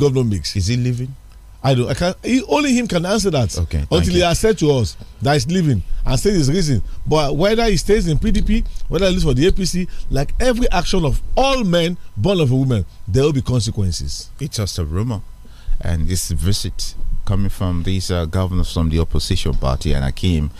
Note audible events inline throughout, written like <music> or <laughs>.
governor makes. Is he leaving? I don't. I can he, only him can answer that. Okay. Until he has said to us that he's leaving and said his reason. But whether he stays in PDP, whether he leaves for the APC, like every action of all men born of a woman, there will be consequences. It's just a rumor, and this visit coming from these uh, governors from the opposition party. And Akim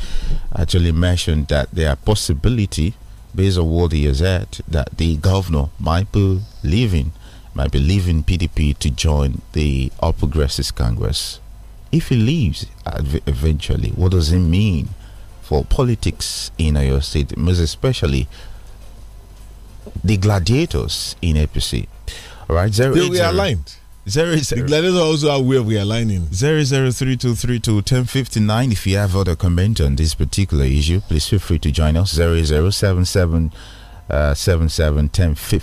actually mentioned that there are possibility, based on what he has said that the governor might be leaving might be leaving PDP to join the All Progressives Congress. If he leaves eventually, what does it mean for politics in your State, most especially the gladiators in APC? All right, zero. They were aligned. Zero, zero. The gladiators are also aware we are aligning. Zero zero three two three two ten fifty nine. If you have other comment on this particular issue, please feel free to join us. Zero zero seven seven uh, 77 and also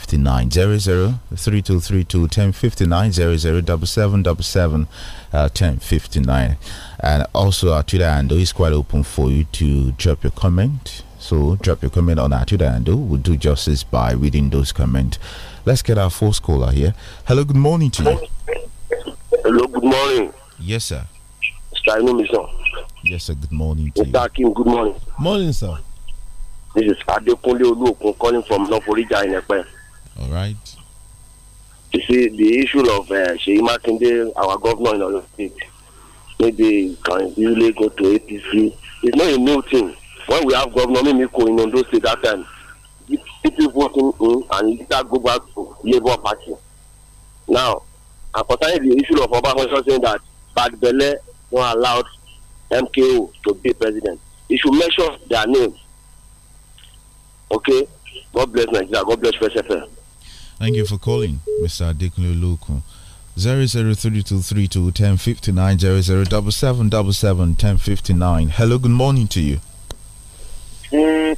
our twitter handle is quite open for you to drop your comment so drop your comment on our twitter handle we'll do justice by reading those comments let's get our first caller here hello good morning to you hello good morning yes sir Yes, sir. Good morning. to you. good morning. Morning, sir. This is Adekunle Oluokun calling from Norfolija in Epe. All right. You see, the issue of uh, Seyi Makinde, our governor in Oyo State, maybe can easily go to APC. It's not a new thing. When we have Governor Mimiko in Ondo State that time, people voting in and later go back to Labour Party. Now, and concerning the issue of Obasanjo saying that Bad Belle not allowed MKO to be president, he should mention their name. Okay. God bless Nigeria. God bless Fresh FM. Thank you for calling, Mr. Adekunle Lokun. 00322321059 Hello, good morning to you. Mm.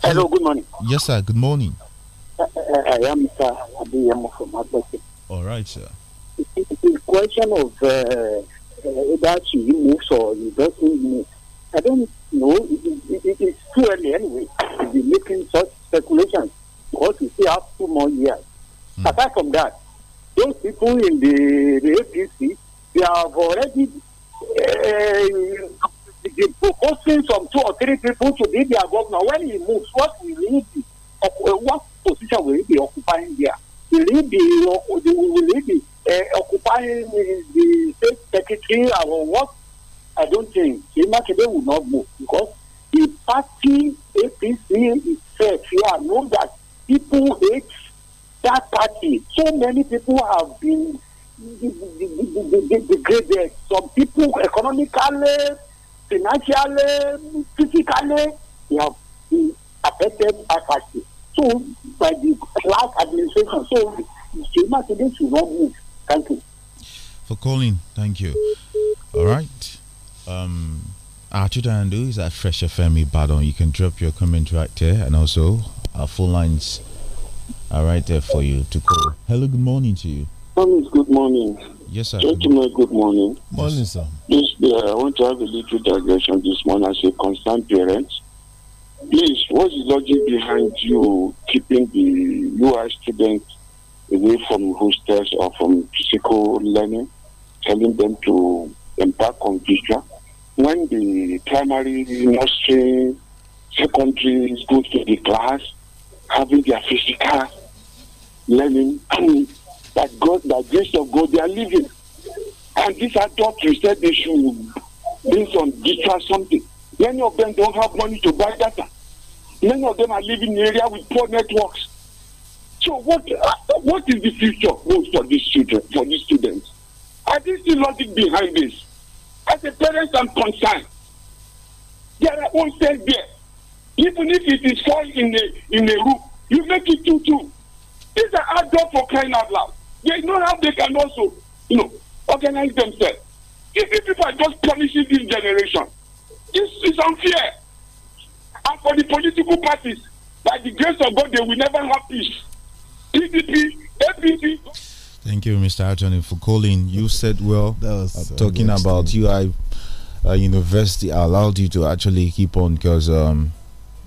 Hello, good morning. Yes, sir, good morning. I, uh, uh, I am Mr. Abiyamo from Agbese. All right, sir. it is a question of uh, uh, that you move or you don't move. I don't know. It, it, it, it's too early anyway to be making such speculations because we still have two more years. Mm. Apart from that, those people in the, the APC, they have already uh, proposing some two or three people to be their governor. When he moves, what will he be? Eh, what position will he be occupying there? Will he be, will he be uh, occupying the state secretary or what I don't think Makede will not move because the party APC itself are know that people hate that party. So many people have been degraded. Some people economically, financially, physically, they have been affected by party. So by the last administration. So Makede should not move. Thank you. For calling, thank you. All right. Um, Arjudan do is at Fresh FM Ibadan. You can drop your comment right there, and also our phone lines are right there for you to call. Hello, good morning to you. Good morning. Yes, sir. Gentlemen, good morning. Morning, sir. This, uh, I want to have a little digression this morning as a concerned parent. Please, what's the logic behind you keeping the UI students away from hostels or from physical learning, telling them to embark on visual? when the primary, nursery, secondary go to the class, having their physical learning, <clears throat> that God, that grace of God, they are living. And these adults, you said they should bring some digital something. Many of them don't have money to buy data. Many of them are living in area with poor networks. So what what is the future for these children, for these students? Are there still logic behind this? As a parent, I'm concerned. There are things there. Even if it fall in a in a room, you make it too two. These are adults for crying out loud. They know how they can also, you know, organize themselves. If, if people are just punishing this generation, this is unfair. And for the political parties, by the grace of God, they will never have peace. PDP, APC. Thank you, Mr. Attorney, for calling. You said well. Uh, talking about UI uh, University allowed you to actually keep on because um,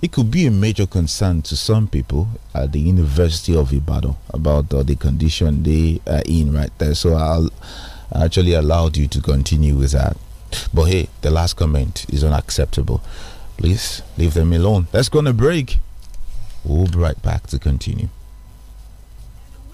it could be a major concern to some people at the University of Ibadan about uh, the condition they are in right there. So I'll, actually allowed you to continue with that. But hey, the last comment is unacceptable. Please leave them alone. Let's go on a break. We'll be right back to continue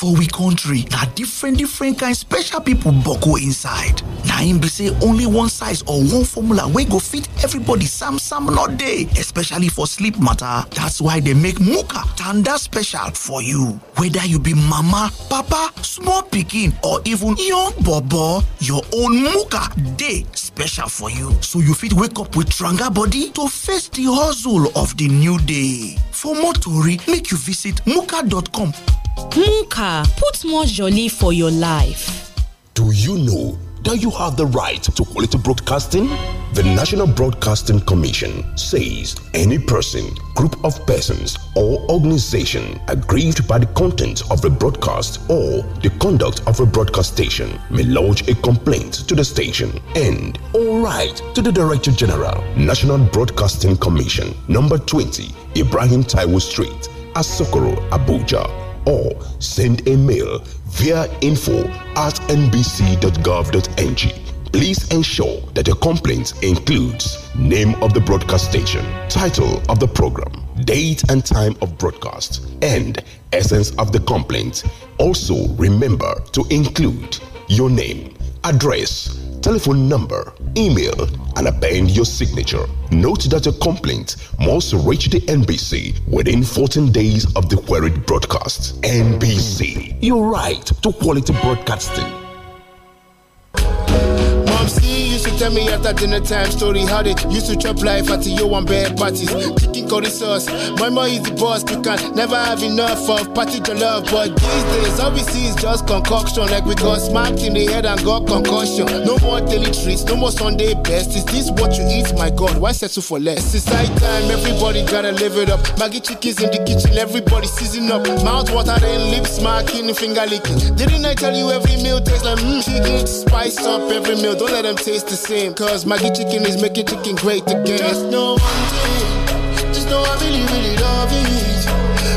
for we country na different different kind special people buckle inside na im be say only one size or one formula wey go fit everybody sam sam no dey especially for sleep matter that's why they make muka tanda special for you whether you be mama papa small pikin or even young bobo your own muka dey special for you so you fit wake up with stronger body to face the hustle of the new day for more tori make you visit muka.com Nka, put more jolly for your life. Do you know that you have the right to quality broadcasting? The National Broadcasting Commission says any person, group of persons, or organization aggrieved by the content of a broadcast or the conduct of a broadcast station may lodge a complaint to the station and all right to the Director General, National Broadcasting Commission, number 20, Ibrahim Taiwo Street, Asokoro, Abuja or send a mail via info at nbc.gov.ng. Please ensure that your complaint includes name of the broadcast station, title of the program, date and time of broadcast, and essence of the complaint. Also, remember to include your name, address, telephone number, email, and append your signature. Note that a complaint must reach the NBC within 14 days of the queried broadcast. NBC, your right to quality broadcasting. Tell me after dinner time story how they used to chop life at your one bad parties. Chicken curry sauce, my mom is the boss. You can never have enough of party love, but these days all we see is just concoction. Like we got smacked in the head and got concussion. No more daily treats, no more Sunday best. Is this what you eat? My God, why settle for less? It's night time, everybody gotta live it up. Maggie chickens in the kitchen, everybody season up. Mouth water, then lips smacking, finger licking. Didn't I tell you every meal tastes like mmm? Chicken spice up every meal. Don't let them taste the same. Cause Maggie chicken is making chicken great again. Just know one thing, just know I really, really love it.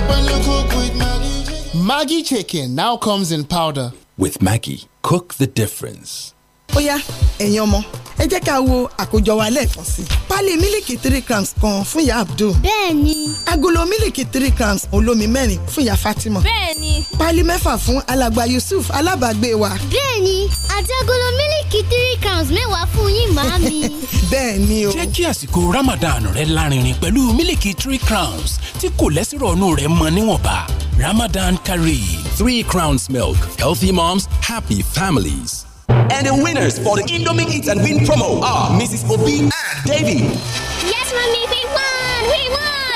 When you cook with Maggie chicken. Maggie chicken now comes in powder. With Maggie, cook the difference. Oh yá ẹ̀yin ọmọ ẹ jẹ́ ká wo àkójọ wa lẹ́ẹ̀kan sí. pálí mílìkì three crowns kan fún ìyá abdul. bẹ́ẹ̀ni. agolo mílìkì three crowns olómi mẹ́rin fún ìyá fatima. bẹ́ẹ̀ni. pálí mẹ́fà fún alàgbà yusuf ala wa. bẹ́ẹ̀ni àti agolo mílìkì bisikí three crowns mẹ́wàá fún yín màámi. <laughs> bẹ́ẹ̀ ni o. jẹ́ kí àsìkò ramadan rẹ lárinrin pẹ̀lú mílìkì three crowns tí kò lẹ́sìrò ọ̀nù rẹ̀ mọ níwọ̀nba ramadan kari three crowns milk healthy moms happy families. And the winners for the Indomie Eat and Win promo are Mrs. Obi and Davy. Yes, mommy, we won! We won!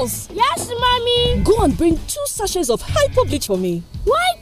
Yes, mommy! Go and bring two sachets of hypo bleach for me. Why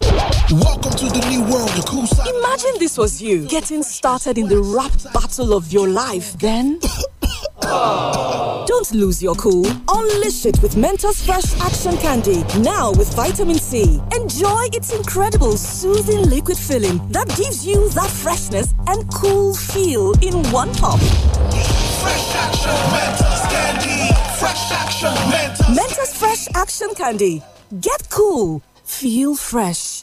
Welcome to the new world of Kusa. Imagine this was you getting started in the rap battle of your life. Then. <coughs> Don't lose your cool. Unleash it with Mentos Fresh Action Candy, now with vitamin C. Enjoy its incredible soothing liquid filling that gives you that freshness and cool feel in one pop. Fresh Action Mentos Candy. Fresh Action Mentos. Mentos Fresh Action Candy. Get cool. Feel fresh.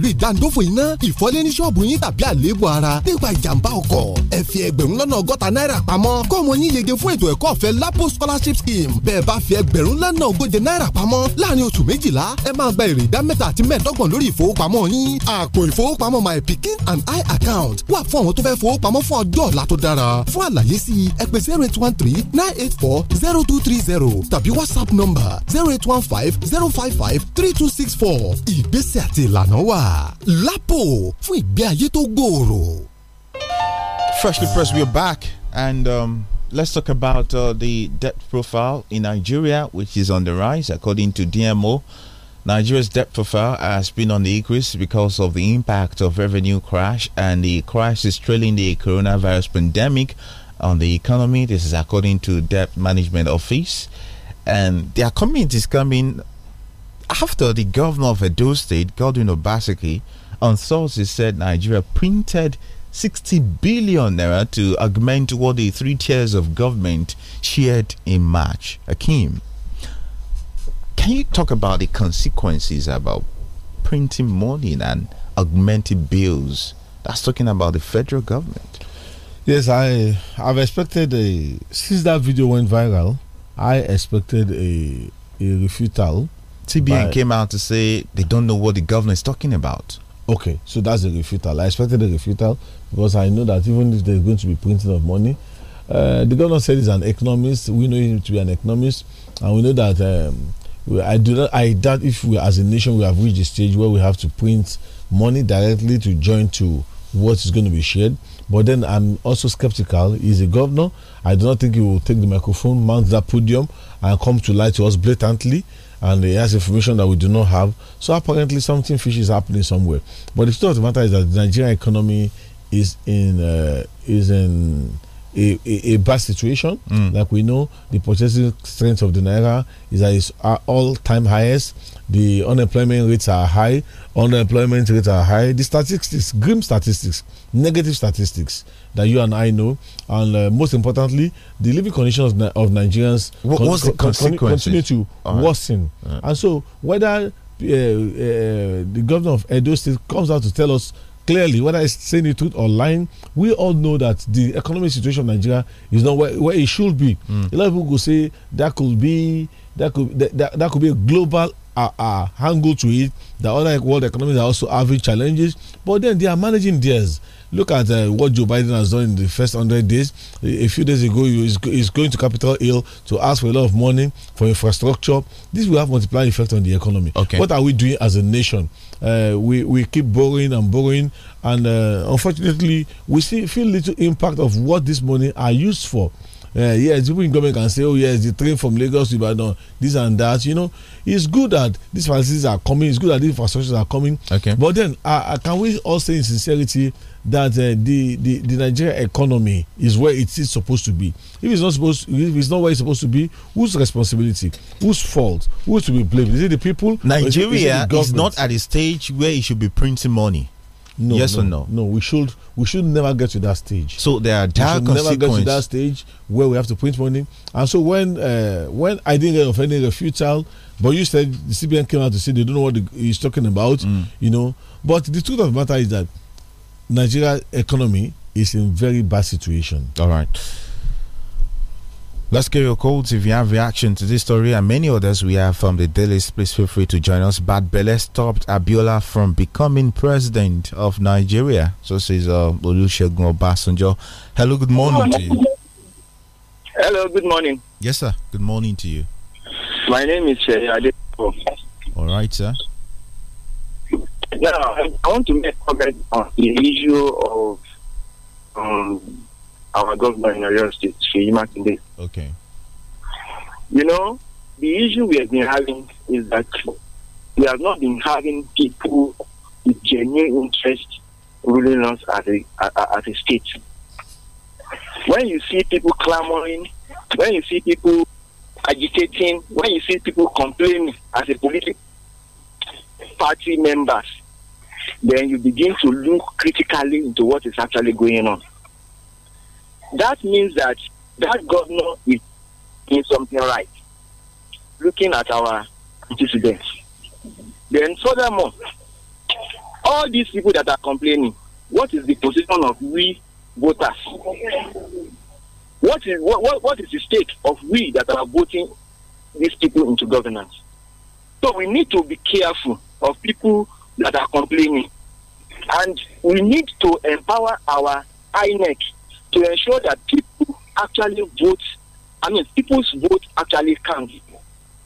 pẹ̀lú ìdáǹdófò iná ìfọ́lé ní ṣọ́ọ̀bù yín tàbí àléébù ara nípa ìjàmbá ọkọ̀ ẹ fi ẹgbẹ̀rún lọ́nà ọgọ́ta náírà pamọ́ kọ́mọ yín yege fún ètò ẹ̀kọ́ ọ̀fẹ́ lapo scholarship scheme bẹ́ẹ̀ bá fi ẹgbẹ̀rún lọ́nà ogóje náírà pamọ́ láàrin oṣù méjìlá ẹ máa gba èrè ìdá mẹ́ta àti mẹ́ẹ̀ẹ́dọ́gbọ̀n lórí ìfowópamọ́ yín àpò ìfowópamọ́ my pikin and i account wà fún àwọn tó fẹ́ fowópamọ́ fún ọjọ́ ọ̀la tó dára fún eight one three nine eight four zero two three zero tàbí whatsapp number zero eight one five zero five five three two six four ìgbésẹ̀ àti ìlànà wà. lápò fún ìgbé ayé tó gbòòrò. freshly pressed we are back and. Um, let's talk about uh, the debt profile in Nigeria, which is on the rise, according to DMO. Nigeria's debt profile has been on the increase because of the impact of revenue crash and the crisis trailing the coronavirus pandemic on the economy. This is according to Debt Management Office, and their comment is coming after the governor of Edo State, Godwin Obaseki, on sources said Nigeria printed 60 billion naira to augment what the three tiers of government shared in March. Akim, can you talk about the consequences about printing money and augmenting bills? That's talking about the federal government. Yes, I I've expected a since that video went viral, I expected a a refutal TBN came out to say they don't know what the governor is talking about. Okay, so that's a refutal. I expected a refutal because I know that even if there's going to be printing of money, uh, the governor said he's an economist. We know him to be an economist, and we know that um, we, I do not. I doubt if we, as a nation, we have reached a stage where we have to print money directly to join to what is going to be shared. But then I'm also skeptical. He's a governor. I do not think he will take the microphone, mount that podium, and come to lie to us blatantly and he eh, has information that we do not have. So apparently something fishy is happening somewhere. But the truth of the matter is that the Nigerian economy is in uh, is in a, a, a bad situation. Mm. Like we know, the purchasing strength of the naira is at its all time highest. The unemployment rates are high. Unemployment rates are high. The statistics, grim statistics, negative statistics that you and I know, and uh, most importantly, the living conditions of Nigerians what con the continue to right. worsen. Right. And so, whether uh, uh, the governor of Edo State comes out to tell us clearly, whether it's saying the truth or lying, we all know that the economic situation of Nigeria is not where, where it should be. Mm. A lot of people could say that could be that could that, that, that could be a global are, are angle to it. The other world economies are also having challenges, but then they are managing theirs. Look at uh, what Joe Biden has done in the first 100 days. A, few days ago, he is going to Capitol Hill to ask for a lot of money for infrastructure. This will have multiplier effect on the economy. Okay. What are we doing as a nation? Uh, we, we keep borrowing and borrowing, and uh, unfortunately, we see, feel little impact of what this money are used for uh, yes, people in government can say, oh yes, the train from Lagos to Ibadan, this and that. You know, it's good that these facilities are coming. It's good that these infrastructures are coming. Okay. But then, uh, can we all say in sincerity that uh, the, the the Nigeria economy is where it is supposed to be? If it's not supposed, to, if it's not where it's supposed to be, whose responsibility? Whose fault? Who's to be blamed? Is it the people? Nigeria is, is not at a stage where it should be printing money. No, yes no, or no? No, we should we should never get to that stage. So there are dire we never get to that stage where we have to print money. And so when uh, when I didn't get offended futile, but you said the CBN came out to say they don't know what the, he's talking about, mm. you know. But the truth of the matter is that Nigeria economy is in very bad situation. All right. Let's get your calls if you have reaction to this story and many others we have from the daily. Please feel free to join us. Bad Bele stopped Abiola from becoming president of Nigeria. So says uh, Olusegun Obasanjo. Hello, good morning to you. Hello, good morning. Yes, sir. Good morning to you. My name is uh, Adepo. All right, sir. Now, I want to make a comment on the issue of um, our governor in Oyo State, Sheyi Makinde. Okay. You know, the issue we have been having is that we have not been having people with genuine interest ruling us as a, as a state. When you see people clamoring, when you see people agitating, when you see people complaining as a political party members, then you begin to look critically into what is actually going on. That means that that governor is doing something right, looking at our antecedents. Then, furthermore, all these people that are complaining, what is the position of we voters? What is, what, what, what is the state of we that are voting these people into governance? So we need to be careful of people that are complaining. And we need to empower our INEC to ensure that people actually vote, I mean, people's vote actually counts.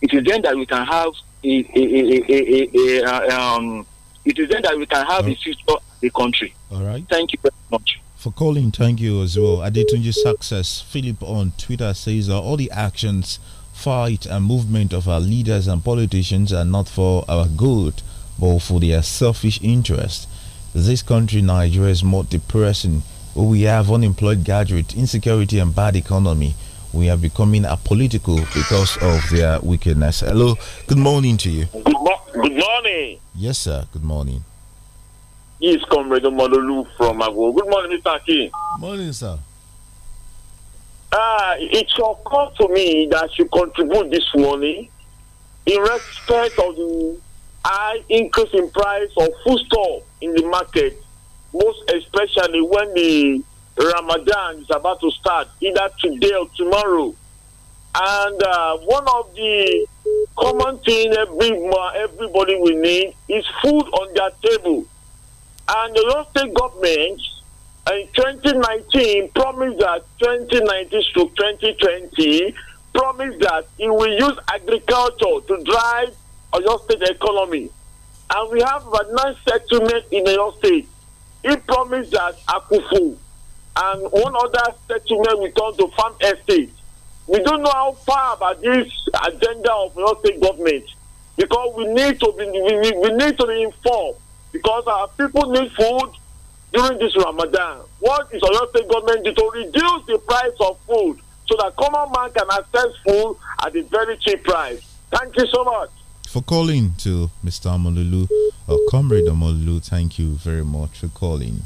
It is then that we can have a, a, a, a um, it is then that we can have right. a future the country. All right. Thank you very much. For calling, thank you as well. Adetunji Success, Philip on Twitter says all the actions, fight, and movement of our leaders and politicians are not for our good, but for their selfish interest. This country, Nigeria, is more depressing we have unemployed graduate, insecurity, and bad economy. We are becoming apolitical because of their wickedness. Hello, good morning to you. Good, good morning. Yes, sir. Good morning. It's Comrade Malolu from Agwo. Good morning, Mr. King. Morning, sir. Ah, uh, it shall come to me that you contribute this morning in respect of the high increase in price of foodstuff in the market most especially when the Ramadan is about to start, either today or tomorrow. And uh, one of the common thing every, everybody will need is food on their table. And the Lord State government in 2019 promised that 2019 to 2020 promised that it will use agriculture to drive Oyo State economy. And we have a nice settlement in Oyo State he promised that Akufo and one other settlement returned to farm estate. We don't know how far about this agenda of the state government because we need to be we need, we need to be informed because our people need food during this Ramadan. What is Oyo State government did to reduce the price of food so that common man can access food at a very cheap price? Thank you so much for calling to Mr. Amolulu or Comrade Amolulu. Thank you very much for calling.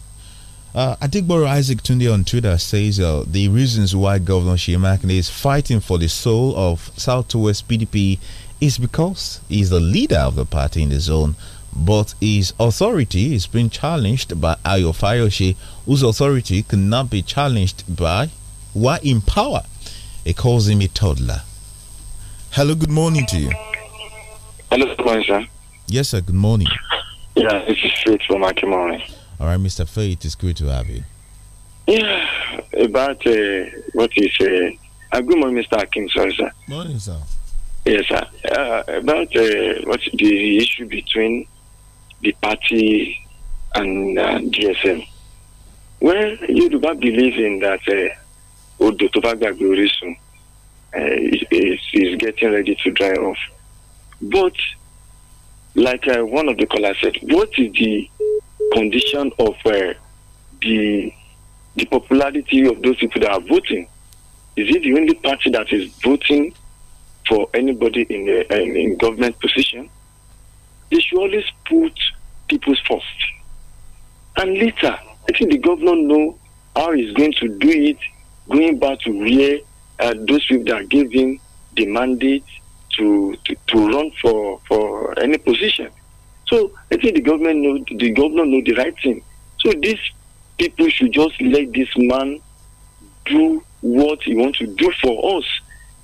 Uh, Adigboro Isaac Tunde on Twitter says uh, the reasons why Governor Shimakne is fighting for the soul of Southwest PDP is because he's the leader of the party in the zone, but his authority is being challenged by Ayo Fayoshi, whose authority cannot be challenged by why in power. It calls him a toddler. Hello, good morning to you. Hello, good morning, sir. Yes, sir. Good morning. Yeah, this is Faith from Akimori. All right, Mr. Faith, it's great to have you. Yeah, about uh, what you say. Uh, good morning, Mr. Akim, sorry, sir. Morning, sir. Yes, sir. Uh, about uh, what's the issue between the party and uh, GSM. Well, you do not believe in that uh, Odo Tobago Glorisun uh, is, is getting ready to dry off both, like uh, one of the callers said, what is the condition of uh, the the popularity of those people that are voting? Is it the only party that is voting for anybody in the, uh, in government position? They should always put people first. And later, I think the governor know how he's going to do it, going back to where uh, those people that gave him the mandate to, to, to run for, for any position. So I think the government know the governor know the right thing. So these people should just let this man do what he wants to do for us.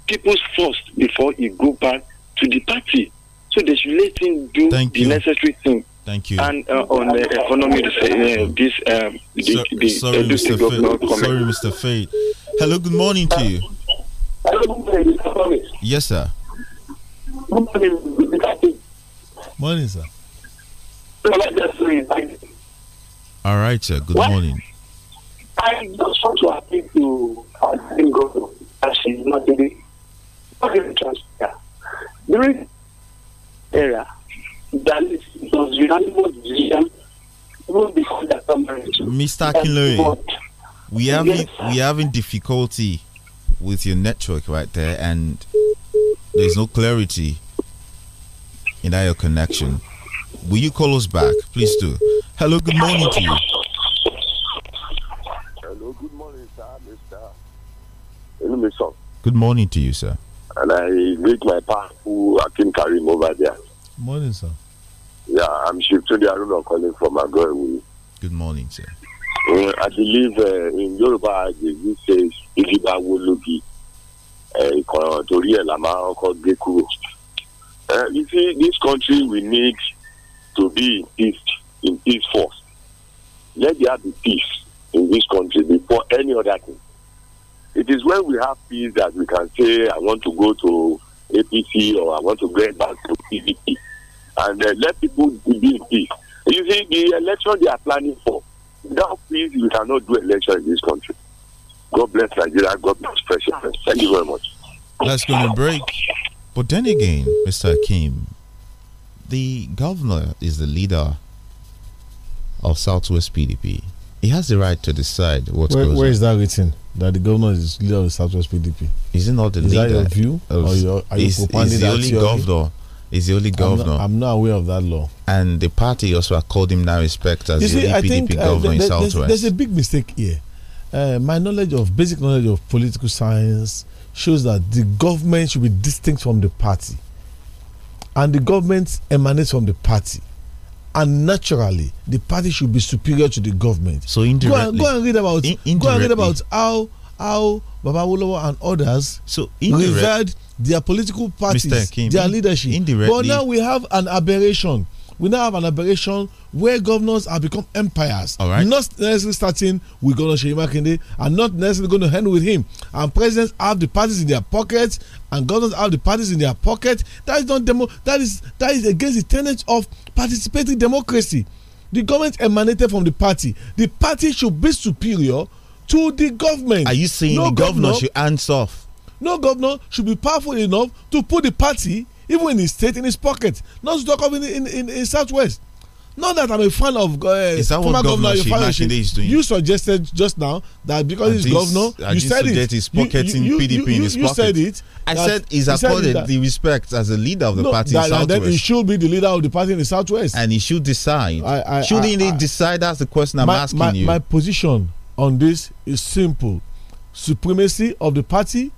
People's first before he go back to the party. So they should let him do Thank the you. necessary thing. Thank you. And uh, on the uh, economy, uh, this um, the, so, the, sorry, the, Mr. Fade. Sorry, Mr. Fade. Hello, good morning to you. Hello, good morning, Mr. Yes, sir. Morning, sir. All right, sir. Good what? morning. I just want to appeal to our team governor that she's not really, not really transparent. During era, that is, it was unanimous decision even before the marriage. Mr. Kinloy, we having yes, we having difficulty with your network right there, and there's no clarity in our connection. Will you call us back? Please do. Hello, good morning to you. Hello, good morning, sir, Mr. Good morning to you, sir. And I greet my powerful Akin Karim over there. Morning, sir. Yeah, I'm Shiftundi Aruna calling from Agorewu. Good morning, sir. Uh, I believe uh, in Yoruba, you say, if you are Wologi, uh, ìkọ̀ràn torí ẹ̀ la máa ń kọ́ uh, you see, this country we need to be in peace, in peace force. Let there be peace in this country before any other thing. It is when we have peace that we can say, I want to go to APC or I want to get back to PDP. And uh, let people be in peace. You see, the election they are planning for, without peace, we cannot do election in this country. God bless Nigeria. God bless President. Thank you very much. Let's go to break. But then again, Mr. Kim, the governor is the leader of Southwest PDP. He has the right to decide what where, goes Where on. is that written? That the governor is leader of Southwest PDP. Is it not the is leader? Is that your view? Of, or are is, you is the only governor? Is the only governor. I'm not, I'm not, aware of that law. And the party also accord him now respect as you see, the only PDP think, uh, governor uh, there, in Southwest. There's, a big mistake here. Uh, my knowledge of basic knowledge of political science, shows that the government should be distinct from the party and the government emanates from the party and naturally the party should be superior to the government so indirectly go and, go and read about in, go and read about how how babawolowo and others so revered their political parties their leadership but now we have an aberration we now have an aberration where governors have become empires. All right. Not necessarily starting with Governor Sheyi Makinde and not necessarily going to end with him. And presidents have the parties in their pockets and governors have the parties in their pockets. That is not demo. That is that is against the tenets of participating democracy. The government emanated from the party. The party should be superior to the government. Are you saying no the governor, governor should answer off? No governor should be powerful enough to put the party even in his state in his pocket not to talk of in in in, in southwest not that i'm a fan of uh, is that what governor, governor is doing you suggested just now that because and he's governor you said it he's pocketing you, you, pdp you, in his pocket said it i said he's accorded the respect as a leader of the no, party that, in southwest then he should be the leader of the party in the southwest and he should decide I, I, shouldn't I, he decide that's the question i'm my, asking my, you my position on this is simple supremacy of the party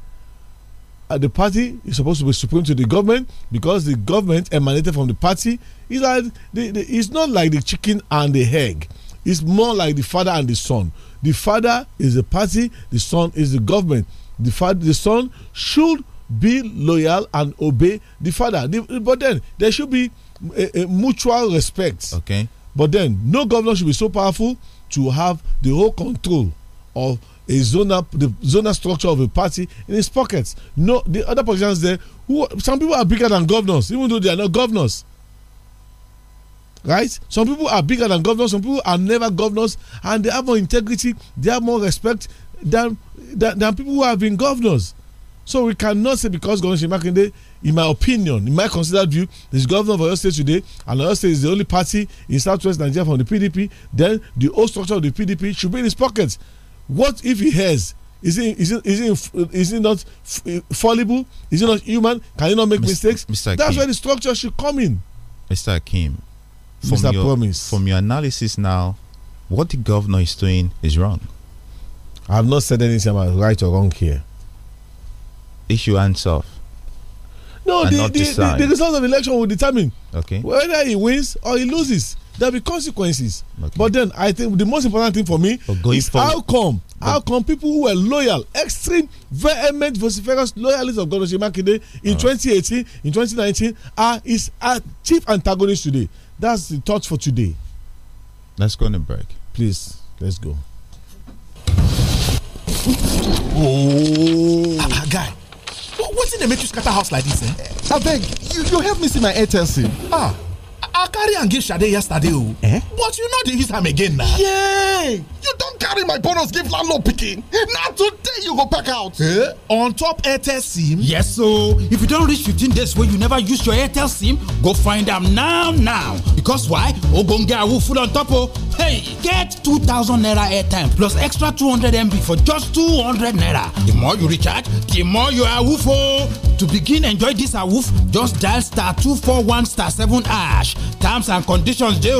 uh, the party is supposed to be supreme to the government because the government emanated from the party. It's, like the, the, it's not like the chicken and the egg. It's more like the father and the son. The father is the party, the son is the government. The father, the son should be loyal and obey the father. The, but then there should be a, a mutual respect. Okay. But then no governor should be so powerful to have the whole control of a zona, the zonal structure of a party in his pockets. No, the other politicians there, who some people are bigger than governors, even though they are not governors. Right? Some people are bigger than governors. Some people are never governors, and they have more integrity. They have more respect than than, than people who have been governors. So we cannot say because Governor Shimakinde, in my opinion, in my considered view, is governor of Oyo State today, and Oyo State is the only party in Southwest Nigeria from the PDP, then the whole structure of the PDP should be in his pockets. What if he has? Is it is it is it, is it not eh, fallible? Is it not human? Can he not make Mr. mistakes? Mr. That's Kim. where the structure should come in. Mr. Kim, from Mr. Your, Promise. from your analysis now, what the governor is doing is wrong. I have not said anything about right or wrong here. Issue answer. No, the, the, the, the, result of the election will determine okay. whether he wins or he loses there'll be consequences. Okay. But then I think the most important thing for me oh, is forward. how come but how come people who were loyal, extreme, vehement, vociferous loyalists of Godoshi Makinde in uh-huh. 2018, in 2019 are is our chief antagonist today. That's the thought for today. Let's go on a break. Please, let's go. Oh, ah, ah guy. What, what's in the matrix scatter house like this? Eh? I beg, you, you help me see my ATL sim. Ah. I carry and give shade yesterday o. Oh. Eh? But you no dey use him again na. Yeah. You carry my bonus give landlord pikin na today you go pack out. Eh? on top airtel sim. yes ooo if you don reach fifteen days wey you never use your airtel sim go find am now now because why ogbonge awoof full on top o. hey get two thousand naira airtime plus extra two hundred mb for just two hundred naira the more you recharge the more you awoof o. to begin enjoy this a woof. just dial star two four one star seven ash. terms and conditions do.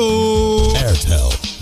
airtel.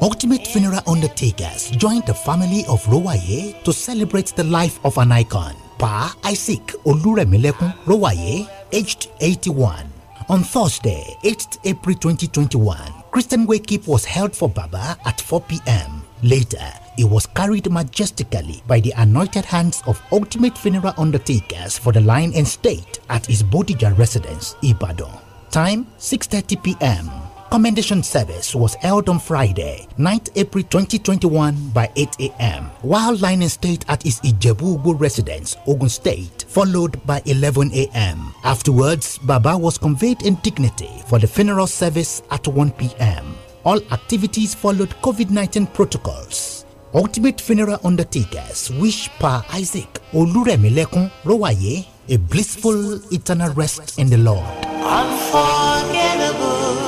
Ultimate Funeral Undertakers joined the family of Rowaye to celebrate the life of an icon, Pa Isaac Oluremilekun Rowaye, aged 81. On Thursday, 8th April 2021, Christian wake-up was held for Baba at 4 p.m. Later, he was carried majestically by the anointed hands of ultimate funeral undertakers for the line and state at his Bodija residence, Ibadan. Time 6:30 p.m. Commendation service was held on Friday, 9th April 2021 by 8 a.m. while lining state at his Ijebu residence, Ogun State, followed by 11 a.m. Afterwards, Baba was conveyed in dignity for the funeral service at 1 p.m. All activities followed COVID-19 protocols. Ultimate funeral undertakers wish Pa Isaac Oluremilekun Rowaye a blissful eternal rest in the Lord. Unforgettable.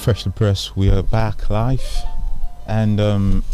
freshly pressed we are back live and um,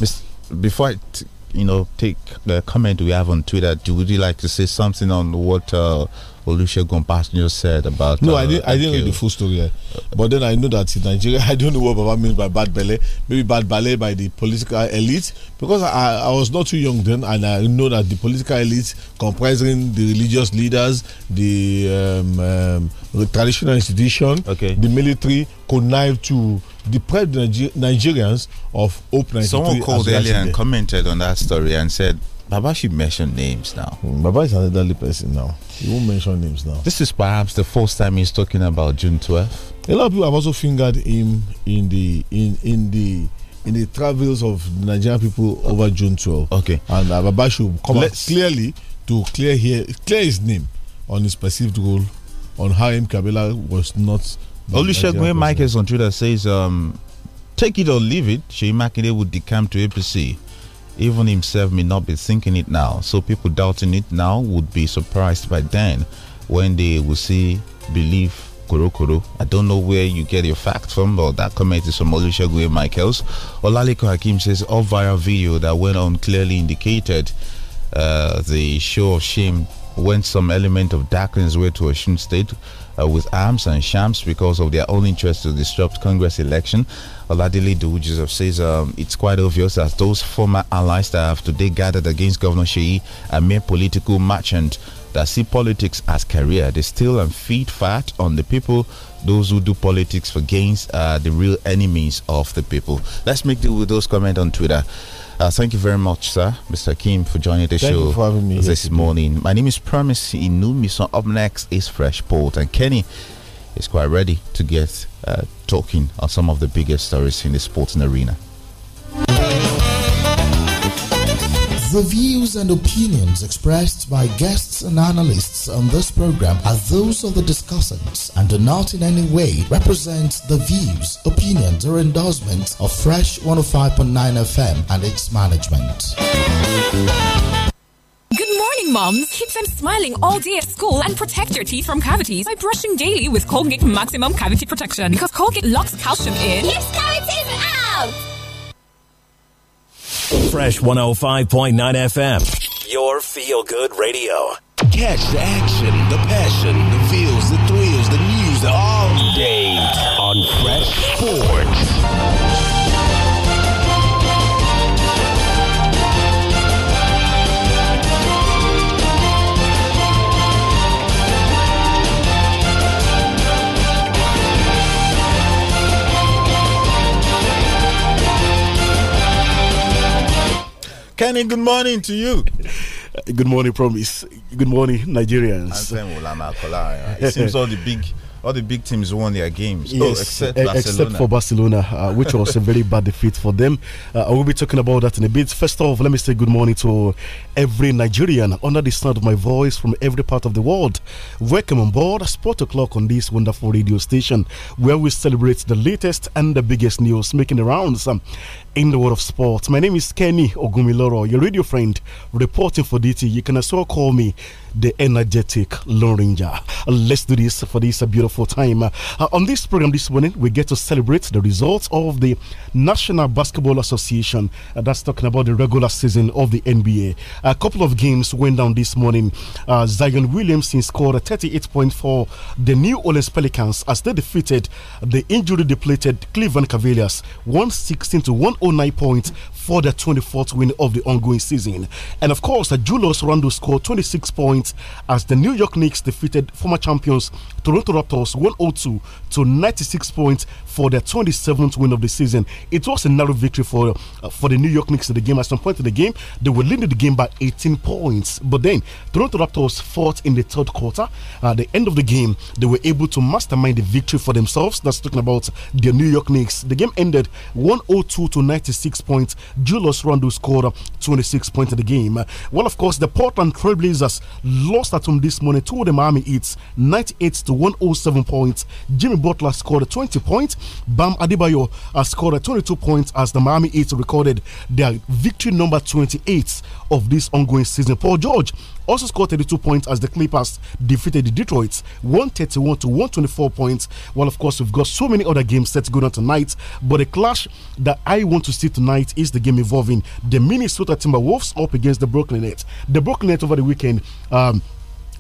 before I t- you know, take the comment we have on Twitter. Do would you like to say something on what uh, Olusegun Obasanjo said about? No, uh, I didn't. I didn't read the full story, but then I know that in Nigeria, <laughs> I don't know what Baba means by bad ballet. Maybe bad ballet by the political elite, because I, I was not too young then, and I know that the political elite, comprising the religious leaders, the, um, um, the traditional institution, okay. the military, connived to deprived Nigerians of hope. Someone called earlier and commented on that story and said, Baba should mention names now. Mm, Baba is an elderly person now. He won't mention names now. This is perhaps the first time he's talking about June 12th. A lot of people have also fingered him in the in in the in the travels of Nigerian people over June 12th. Okay. And uh, Baba should come clearly to clear here clear his name on his perceived role on how M. Kabila was not Olusegun Michaels on Twitter says, um, "Take it or leave it. Shey Makinde would decamp to APC. Even himself may not be thinking it now. So people doubting it now would be surprised by then, when they will see belief." Kuro Kuro. I don't know where you get your fact from, but that comment is from Olusegun Michaels. Olaliko Hakim says, all viral video that went on clearly indicated uh, the show of shame when some element of darkness were to Oshun State uh, with arms and shams because of their own interest to disrupt Congress election. Oladile Joseph says um, it's quite obvious that those former allies that have today gathered against Governor Sheyi are mere political merchant that see politics as career. They steal and feed fat on the people. Those who do politics for gains are the real enemies of the people. Let's make do with those comments on Twitter. Uh, thank you very much, sir, Mr. Kim, for joining the thank show for this morning. My name is Promise Inumison. Up next is Fresh Port, and Kenny is quite ready to get uh, talking on some of the biggest stories in the sporting arena. The views and opinions expressed by guests and analysts on this program are those of the discussants and do not in any way represent the views, opinions, or endorsements of Fresh 105.9 FM and its management. Good morning, moms. Keep them smiling all day at school and protect your teeth from cavities by brushing daily with Colgate Maximum Cavity Protection because Colgate locks calcium in. Keeps cavities out! Fresh 105.9 FM, your feel good radio. Catch the action, the passion, the feels, the thrills, the news all day on Fresh Sports. Kenny, good morning to you. good morning, promise. Good morning, Nigerians. It seems all the big all the big teams won their games. Oh, yes, oh, except, eh, Barcelona. except for Barcelona, uh, which was a very bad defeat for them. Uh, I will be talking about that in a bit. First off, let me say good morning to every Nigerian under the sound of my voice from every part of the world. Welcome on board Sport O'Clock on this wonderful radio station where we celebrate the latest and the biggest news making the rounds. Um, in the world of sports. My name is Kenny Ogumiloro, your radio friend, reporting for DT. You can as well call me the energetic Lone Ranger. Let's do this for this beautiful time. Uh, on this program this morning, we get to celebrate the results of the National Basketball Association. Uh, that's talking about the regular season of the NBA. A couple of games went down this morning. Uh, Zion Williamson scored 38.4. The New Orleans Pelicans as they defeated the injury depleted Cleveland Cavaliers 116 to 1. 109 points for the 24th win of the ongoing season. And of course, Julius Randle scored 26 points as the New York Knicks defeated former champions Toronto Raptors 102 to 96 points for their 27th win of the season. It was a narrow victory for uh, for the New York Knicks in the game. At some point in the game, they were leading the game by 18 points. But then Toronto Raptors fought in the third quarter. At the end of the game, they were able to mastermind the victory for themselves. That's talking about the New York Knicks. The game ended 102 to 96 points. Julius Randle scored 26 points in the game. Well, of course, the Portland Trailblazers lost at home this morning to the Miami Heat, 98 to 107 points. Jimmy Butler scored 20 points. Bam Adebayo has scored 22 points as the Miami Heat recorded their victory number 28 of this ongoing season. Paul George also scored 32 points as the Clippers defeated the Detroit 131 to 124 points. Well, of course, we've got so many other games set to go on tonight, but the clash that I want to see tonight is the game involving the Minnesota Timberwolves up against the Brooklyn Nets. The Brooklyn Nets over the weekend. Um,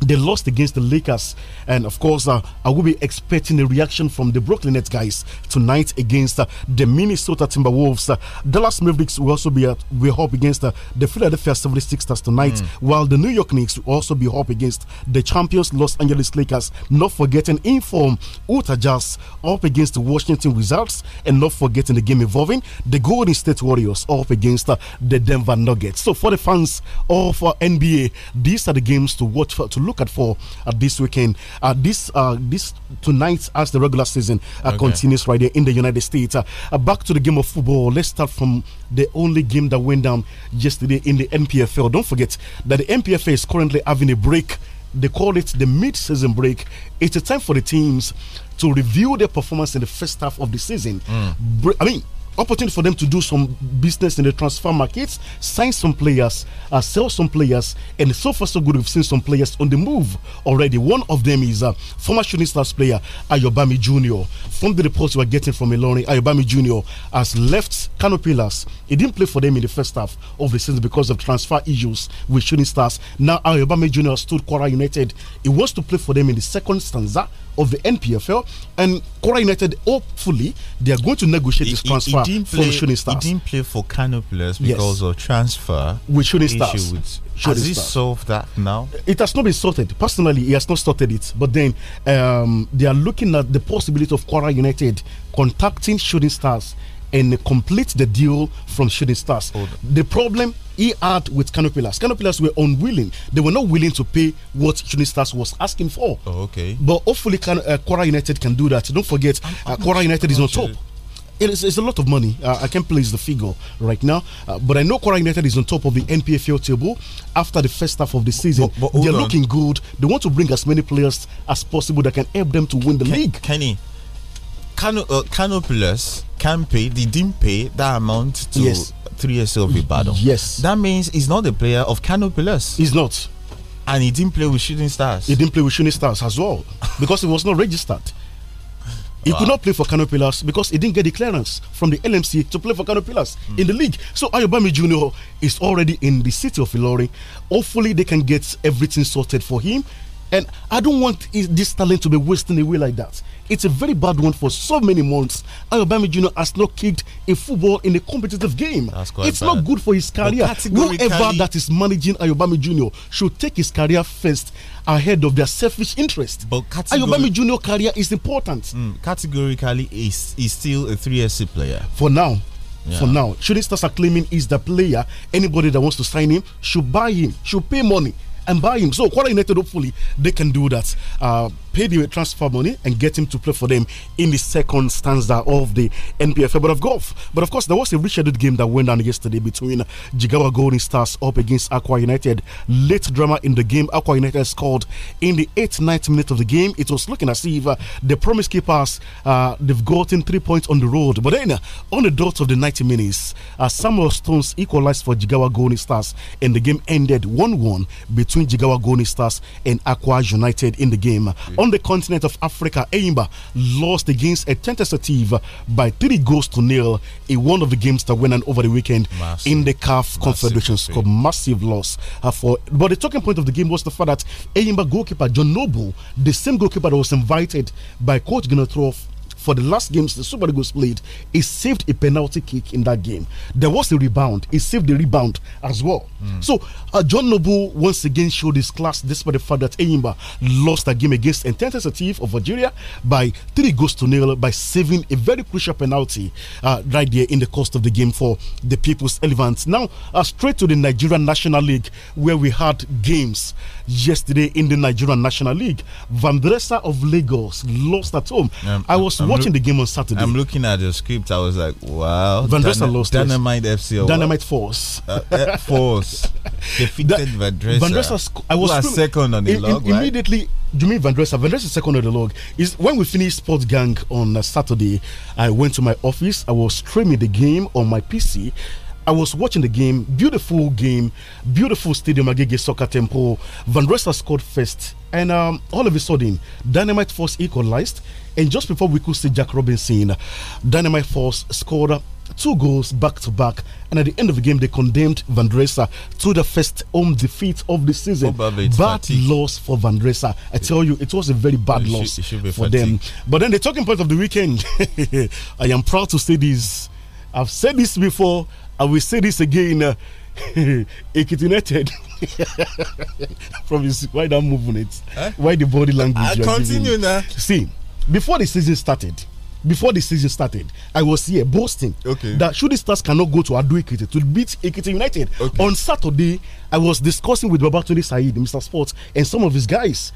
they lost against the Lakers, and of course, uh, I will be expecting a reaction from the Brooklyn Nets guys tonight against uh, the Minnesota Timberwolves. Uh, Dallas Mavericks will also be at, will up against uh, the Philadelphia 76ers tonight, mm. while the New York Knicks will also be up against the champions Los Angeles Lakers. Not forgetting in form Utah Jazz up against the Washington Wizards, and not forgetting the game involving the Golden State Warriors up against uh, the Denver Nuggets. So for the fans of uh, NBA, these are the games to watch for. To look at for uh, this weekend. Uh, this uh, this tonight as the regular season uh, okay. continues right there in the United States. Uh, uh, back to the game of football. Let's start from the only game that went down yesterday in the NPFL. Don't forget that the NPFL is currently having a break. They call it the mid-season break. It's a time for the teams to review their performance in the first half of the season. Mm. I mean, opportunity for them to do some business in the transfer markets, sign some players, uh, sell some players, and so far so good. We've seen some players on the move already. One of them is uh, former shooting stars player Ayobami Junior. From the reports we're getting from Ilori, Ayobami Junior has left Kano He didn't play for them in the first half of the season because of transfer issues with shooting stars. Now Ayobami Junior stood Quora United. He wants to play for them in the second stanza of the NPFL. And Kora United, hopefully, they are going to negotiate this transfer he, he from play, Shooting Stars. He didn't play for Kano Players because yes. of transfer. With Shooting Stars. With, has he solved that now? It has not been sorted. Personally, he has not sorted it. But then um, they are looking at the possibility of Kora United contacting Shooting Stars and complete the deal from Shooting Stars. The problem he had with Canopilas. Canopilas were unwilling. They were not willing to pay what Shooting Stars was asking for. Oh, okay. But hopefully, can, uh, Quora United can do that. Don't forget, uh, Quora United is on top. It is, it's a lot of money. Uh, I can't place the figure right now, uh, but I know Quora United is on top of the NPFL table after the first half of the season. But, but They're looking good. They want to bring as many players as possible that can help them to win the league. Kenny, Cano, uh, Canopulus can pay, they didn't pay that amount to yes. 3SL Ibadan. Yes. That means he's not a player of Canopulus. He's not. And he didn't play with Shooting Stars. He didn't play with Shooting Stars as well <laughs> because he was not registered. He wow. could not play for Canopilas because he didn't get the clearance from the LMC to play for Canopilas mm. in hmm. the league. So Ayobami Junior is already in the city of Ilori. Hopefully, they can get everything sorted for him and I don't want this talent to be wasting away like that. It's a very bad one for so many months. Alabama Junior has not kicked a football in a competitive game. it's bad. not good for his career. Whoever that is managing Ayobami Junior should take his career first ahead of their selfish interest. But Ayobami Junior career is important. Mm, categorically, is is still a 3SC player for now. Yeah. For now, should he start claiming is the player. Anybody that wants to sign him should buy him, should pay money and buy him. So Kuala United, hopefully, they can do that. Uh, paid him a transfer money and get him to play for them in the second stanza of the NPFL. But of course, but of course, there was a rescheduled game that went down yesterday between Jigawa Golden Stars up against Aqua United. Late drama in the game. Aqua United scored in the 8th, 9th minute of the game. It was looking as if uh, the promise keepers uh, they've gotten three points on the road. But then uh, on the dot of the 90 minutes, uh, Samuel Stones equalized for Jigawa Golden Stars, and the game ended 1-1 between Jigawa Golden Stars and Aqua United in the game. Mm -hmm on the continent of Africa, Eimba lost against a tentative by three goals to nil in one of the games that went on over the weekend massive, in the CAF Confederation Cup. Massive loss uh, for. But the talking point of the game was the fact that Eimba goalkeeper John Noble, the same goalkeeper that was invited by Coach Gnatro for the last games the Super Eagles played, he saved a penalty kick in that game. There was a rebound. He saved the rebound as well. Mm. So uh, John Noble once again showed his class despite the fact that Enyimba lost a game against Entente Sativ of Algeria by three goals to nil by saving a very crucial penalty uh, right there in the course of the game for the People's Elephants. Now, uh, straight to the Nigerian National League where we had games yesterday in the Nigerian National League. Vandresa of Lagos lost at home. Um, I was I'm watching the game on Saturday. I'm looking at the script. I was like, wow. Vandresa Dana lost. Dynamite FC. Dynamite Force. Uh, uh force. <laughs> Defeated Vandresa. Vandresa. I was second on the in, log. In, right? Immediately. You mean Vandresa? Vandresa second on the log. Is when we finished Sports Gang on uh, Saturday. I went to my office. I was streaming the game on my PC. I was watching the game. Beautiful game, beautiful stadium. Agege Soccer Temple. Van Ressa scored first, and um, all of a sudden, Dynamite Force equalized. And just before we could see Jack Robinson, Dynamite Force scored two goals back to back. And at the end of the game, they condemned Vandresa to the first home defeat of the season. Oh, but bad fatigue. loss for Vandresa. I tell you, it was a very bad it loss should, should for fatigue. them. But then the talking point of the weekend, <laughs> I am proud to say this. I've said this before. I will say this again. Uh, <laughs> Ekiti United <laughs> from his why that movement, huh? Eh? why the body language. Ah, I continue now. See, before the season started, before the season started, I was here boasting okay. that Shooting Stars cannot go to Ado Ekiti to beat Ekiti United. Okay. On Saturday, I was discussing with Babatunde Said, Mr. Sports, and some of his guys.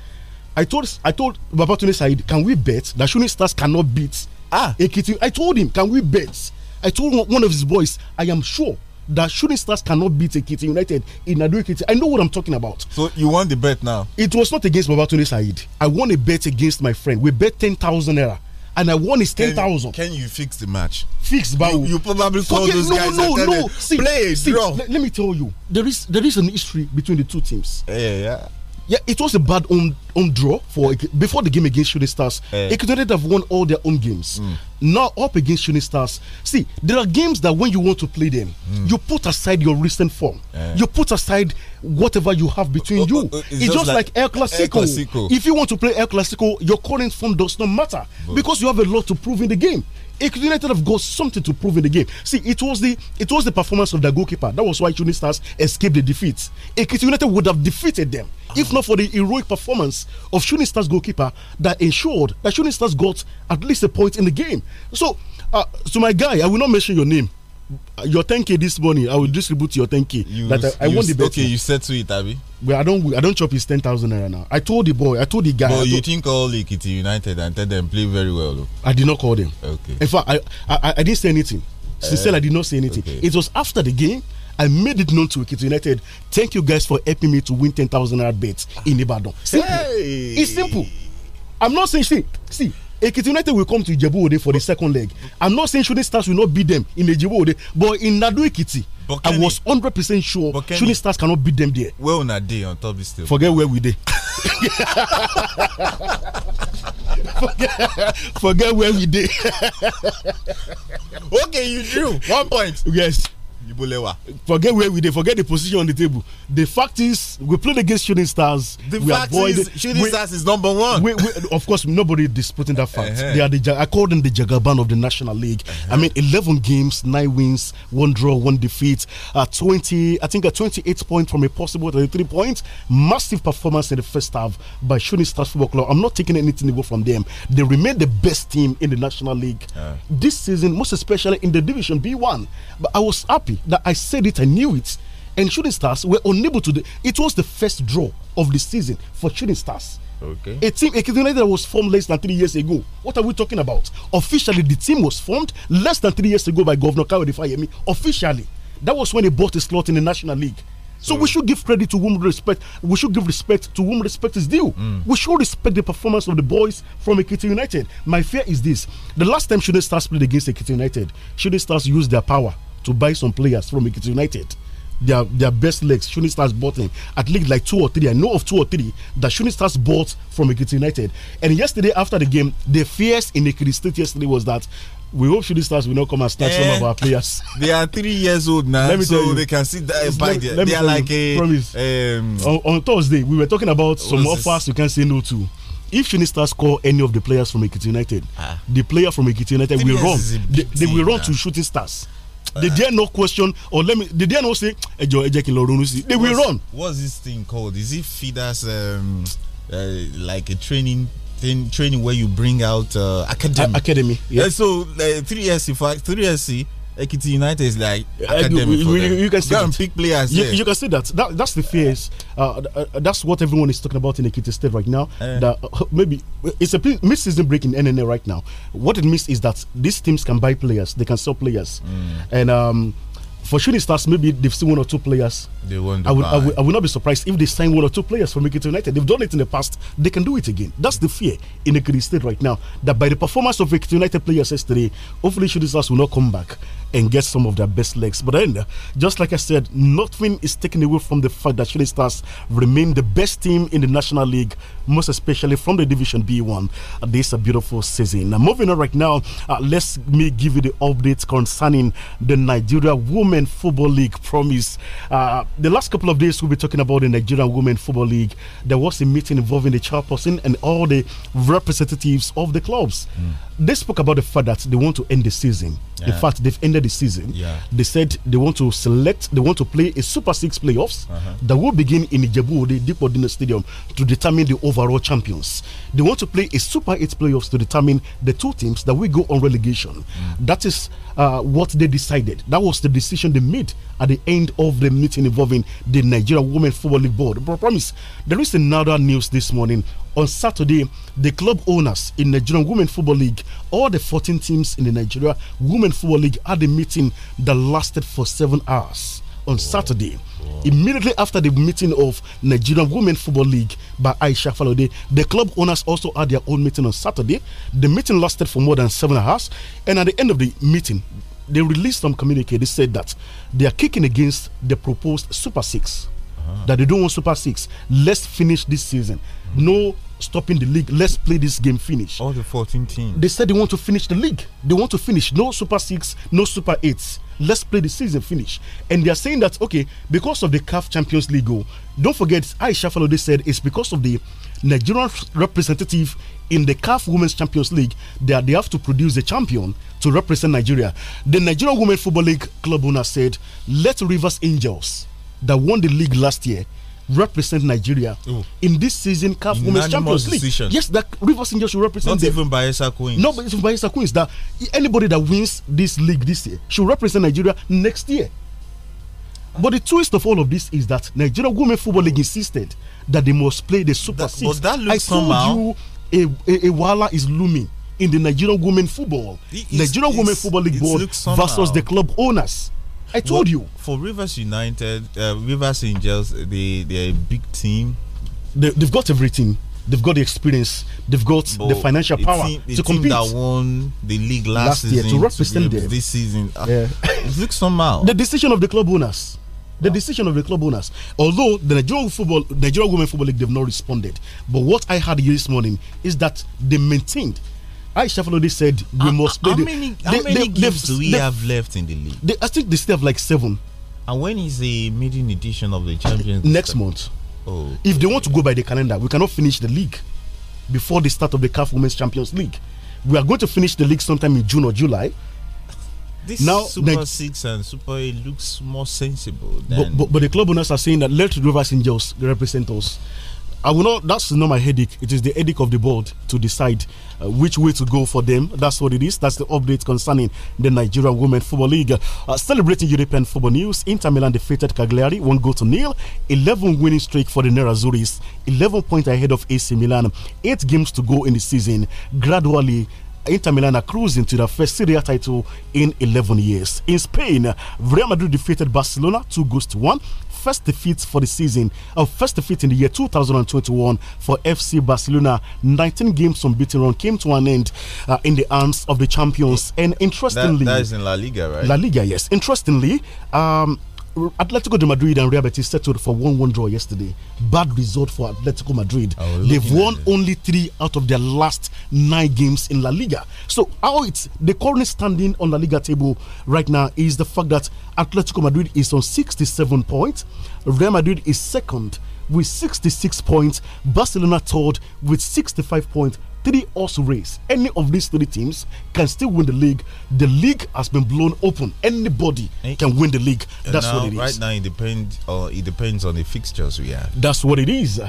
I told I told Babatunde Said, can we bet that Shooting Stars cannot beat ah. Ekiti? I told him, can we bet? I told one of his boys, I am sure that shooting stars cannot beat Ekiti United in Nadu Ekiti. I know what I'm talking about. So you won the bet now? It was not against Babatunde Said. I won a bet against my friend. We bet 10,000 naira and I won is ten thousand. Can you fix the match? Fix Bawo. You, you, probably saw okay, those no, guys. No, no, no. See, play it, see, draw. let me tell you, there is there is an history between the two teams. Yeah, yeah. Yeah, it was a bad home, home draw for before the game against Shooting Stars. Uh, eh. not have won all their own games. Mm. Now up against Shooting Stars. See, there are games that when you want to play them, mm. you put aside your recent form. Uh, you put aside whatever you have between uh, you. Oh, oh, it's, it's just, just, like, like El, Clasico. El, Clasico. If you want to play El Clasico, your current form does not matter but. Hmm. because you have a lot to prove in the game. Ekiti United have got something to prove in the game. See, it was the it was the performance of the goalkeeper that was why Tunis Stars escaped the defeat. Ekiti United would have defeated them if not for the heroic performance of Tunis Stars goalkeeper that ensured that Tunis Stars got at least a point in the game. So, uh, to my guy, I will not mention your name. your ten k this morning i will distribute your ten k you, that uh, i, I want the best okay you settle it abi. well i don't i don't chop his ten thousand naira now i told the boy i told the guy. but I you think all ekiti united and tell them play very well. Look. i did not call them. okay in fact i i, I didn't say anything sincerely uh, i did not say eh, anything okay. it was after the game I made it known to Ekiti United. Thank you guys for helping me to win 10,000 naira bets in Ibadan. Simple. Hey. It's simple. I'm not saying, see, see, Ekiti United will come to Ijebu Ode for the second leg. I'm not saying shooting stars will not beat them in Ijebu Ode, but in Nadu Ekiti. I was 100% sure Bokeni. shooting stars cannot beat them there. Where on a day on top this table? Forget where we did. <laughs> forget, forget where we did. okay, you drew one point. Yes. Forget where we they forget the position on the table. The fact is, we played against Shooting Stars. The we fact avoided, is, Shooting we, Stars is number one. We, we, of course, nobody disputing that fact. Uh -huh. They are the according the Jagaban of the National League. Uh -huh. I mean, eleven games, nine wins, one draw, one defeat. Uh, twenty, I think, a uh, twenty-eight point from a possible thirty-three points. Massive performance in the first half by Shooting Stars Football Club. I'm not taking anything away from them. They remain the best team in the National League -huh. this season, most especially in the Division B1. But I was happy happy that I said it, I knew it. And shooting stars were unable to do it. was the first draw of the season for shooting stars. Okay. A team a United that was formed less than three years ago. What are we talking about? Officially, the team was formed less than three years ago by Governor Kayo Fayemi. Officially. That was when he bought a slot in the National League. So, so, we should give credit to whom respect. We should give respect to whom respect is due. Mm. We should respect the performance of the boys from Ekiti United. My fear is this: the last time Shooting Stars played against Ekiti United, Shooting Stars used their power to buy some players from Ekiti United. Their, their best legs, shooting Stars bought them at least like two or three. I know of two or three that shooting Stars bought from Ekiti United. And yesterday after the game, the fears in Ekiti State yesterday was that we hope shooting stars will not come and snatch eh, some of eh, our players. <laughs> They are three years old now, so you, they can see that by let, They are like you, a promise. Um, on, on, Thursday, we were talking about some offers you can say no to. If Shooting Stars call any of the players from Ekiti United, ah. the player from Ekiti United will run. They, they, will run to Shooting Stars did they no question or let me did they no say ẹjọ ẹjẹ lọ ronú sí they will run. what's this thing called is it feeders um, uh, like a training thing training where you bring out uh, academy. A academy yeah. Uh, so uh, 3sc 3sc Ekiti United is like academic. You, you, you, can see that. pick players. You, you, can see that. that. That's the fear. Uh, uh, uh, that's what everyone is talking about in Ekiti State right now. Eh. Uh, that <laughs> maybe it's a mid-season break in NNA right now. What it means is that these teams can buy players. They can sell players, mm. and. Um, for shooting stars, maybe they've seen one or two players. They won't. I would, I would, I would, not be surprised if they sign one or two players from Ekiti United. They've done it in the past. They can do it again. That's the fear in Ekiti State right now. That by the performance of Ekiti United players yesterday, hopefully shooting stars will not come back and get some of their best legs. But then, just like I said, nothing is taken away from the fact that Shooting Stars remain the best team in the National League, most especially from the Division B1. This is a beautiful season. Now, moving on right now, uh, let me give you the updates concerning the Nigeria Women Football League promise. Uh, the last couple of days, we'll be talking about the Nigeria Women Football League. There was a meeting involving the chairperson and all the representatives of the clubs. Mm. They spoke about the fact that they want to end the season. Yeah. The fact they've ended ended the season, yeah. they said they want to select, they want to play a Super Six playoffs uh -huh. that will begin in Ijebu Ode Deep Odina Stadium to determine the overall champions. They want to play a Super Eight playoffs to determine the two teams that will go on relegation. Mm. That is uh, what they decided. That was the decision they made at the end of the meeting involving the Nigeria Women Football League Board. But I promise, there is another news this morning on Saturday, the club owners in Nigerian Women Football League, all the 14 teams in the Nigeria Women Football League, had a meeting that lasted for seven hours on Saturday. Immediately after the meeting of Nigerian Women Football League by Aisha Falode, the club owners also had their own meeting on Saturday. The meeting lasted for more than seven hours, and at the end of the meeting, they released some communique. They said that they are kicking against the proposed Super Six, uh -huh. that they don't want Super Six. Let's finish this season. Mm -hmm. No stopping the league. Let's play this game finish. All the 14 teams. They said they want to finish the league. They want to finish. No Super 6, no Super 8. Let's play the season finish. And they are saying that, okay, because of the CAF Champions League goal, don't forget, Aisha Falode said it's because of the Nigerian representative in the CAF Women's Champions League that they have to produce a champion to represent Nigeria. The Nigerian Women Football League club owner said, let Rivers Angels that won the league last year represent Nigeria Ooh. in this season CAF Women's Champions League. Decision. Yes, that Rivers Angel should represent. Not them. even Bayesa Queens. No, but even Bayesa Queens. That anybody that wins this league this year should represent Nigeria next year. But the twist of all of this is that Nigeria Women Football League insisted that they must play the Super that, Six. That I told you, a, a, a wala is looming in the Nigerian Women Football. Nigerian Women Football League Board versus the club owners. I told you. For Rivers United, uh, Rivers Angels, they they're a big team. They, they've got everything they've got the experience, they've got but the financial power team, the to compete. that won the league last, last season, year to represent to them this season. Ah, yeah. look somehow. The decision of the club owners. The ah. decision of the club owners. Although the Nigerian football, Nigerian women football league, they've not responded. But what I here this morning is that they maintained Aisha Falodi said we uh, must ah, play. How the, many, how many they, games do we have left in the league? They, I think they still have like seven. And when is the maiden edition of the Champions? Next start? month. Oh. If they want to go by the calendar, we cannot finish the league before the start of the CAF Women's Champions League. We are going to finish the league sometime in June or July. This now, Super Six and Super Eight looks more sensible. But, but, but, the club owners are saying that let Rivers Angels represent us. I will not. That's not my headache. It is the headache of the board to decide uh, which way to go for them. That's what it is. That's the update concerning the Nigerian Women Football League. Uh, celebrating European football news. Inter Milan defeated Cagliari one goal to nil. Eleven winning streak for the Nerazzurris. Eleven points ahead of AC Milan. Eight games to go in the season. Gradually. Inter Milan are cruising to their first Serie A title in 11 years. In Spain, Real Madrid defeated Barcelona 2 goals to 1 first defeat for the season, our first defeat in the year 2021 for FC Barcelona. 19 games unbeaten run came to an end uh, in the arms of the champions. And interestingly, that, that is in La Liga, right? La Liga, yes. Interestingly, um, Atletico de Madrid and Real Betis settled for 1 1 draw yesterday. Bad result for Atletico Madrid. Oh, They've won only three out of their last nine games in La Liga. So, how it's the current standing on La Liga table right now is the fact that Atletico Madrid is on 67 points, Real Madrid is second with 66 points, Barcelona third with 65 points three horse race. Any of these three teams can still win the league. The league has been blown open. Anybody eh? can win the league. That's now, what it is. Right now, it depends. Uh, it depends on the fixtures we have. That's what it is.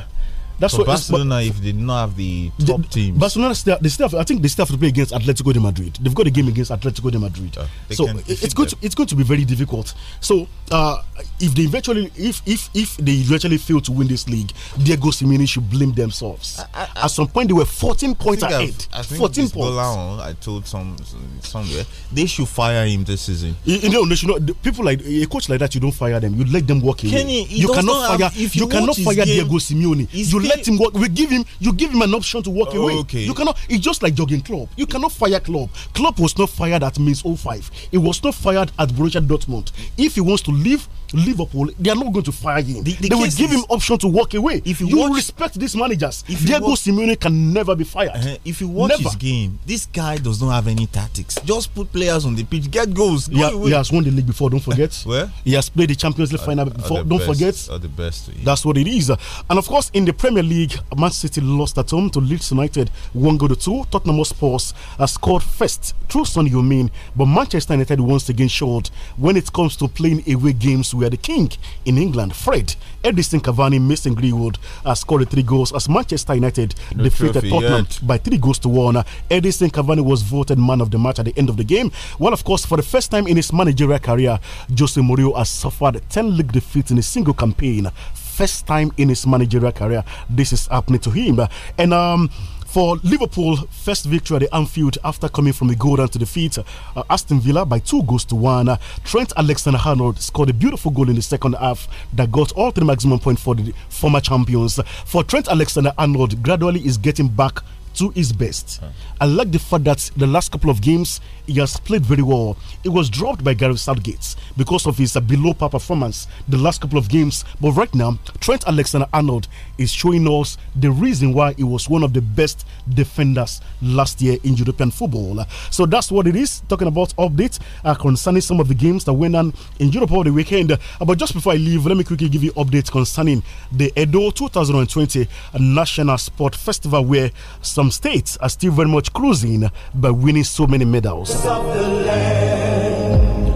That's but what Barcelona, if they did not have the top the, teams, Barcelona still, they still have, I think they still have to play against Atletico de Madrid. They've got a game mm. against Atletico de Madrid, uh, so it's going to, it's going to be very difficult. So uh, if they eventually if if if they eventually fail to win this league, Diego Simeone should blame themselves. I, I, At some point, they were 14 points ahead. I think 14 points. Bolao, I told some somewhere they should fire him this season. You, you know, they should not. People like a coach like that, you don't fire them. You let them walk in. You cannot fire. you, cannot fire Diego Simeone. You let him work. We give him. You give him an option to walk away. Okay. You cannot. It's just like jogging club. You cannot fire club. Club was not fired at Minsk 05. It was not fired at Borussia Dortmund. If he wants to leave Liverpool, they are not going to fire him. The, the they will give him option to walk away. If you, you watch, respect these managers, if Diego Simeone can never be fired. Uh -huh. If you watch never. his game, this guy does not have any tactics. Just put players on the pitch, get goals. Go he, has won the league before. Don't <laughs> forget. Where he has played the Champions League are, final before. Don't best, forget. the best. That's what it is. And of course, in the Premier League, Man City lost at home to Leeds United, one goal to two. Tottenham Hotspurs scored first True Son you mean? but Manchester United once again showed when it comes to playing away games were the king in England. Fred, Edison Cavani, Mason Greenwood has uh, scored three goals as Manchester United no defeated Tottenham yet. by three goals to one. Edison Cavani was voted man of the match at the end of the game. Well, of course, for the first time in his managerial career, Jose Mourinho has suffered 10 league defeats in a single campaign. First time in his managerial career, this is happening to him. And um, for Liverpool, first victory at the Anfield after coming from a goal down to defeat uh, Aston Villa by two goals to one. Uh, Trent Alexander-Arnold scored a beautiful goal in the second half that got all three maximum points for the former champions. For Trent Alexander-Arnold, gradually is getting back to his best. Huh. I like the fact that the last couple of games he has played very well. It was dropped by Gary Southgate because of his uh, below par performance the last couple of games. But right now, Trent Alexander Arnold is showing us the reason why he was one of the best defenders last year in European football. So that's what it is. Talking about updates uh, concerning some of the games that went on in Europe over the weekend. Uh, but just before I leave, let me quickly give you updates concerning the Edo 2020 National Sport Festival, where some states are still very much cruising by winning so many medals. The, land,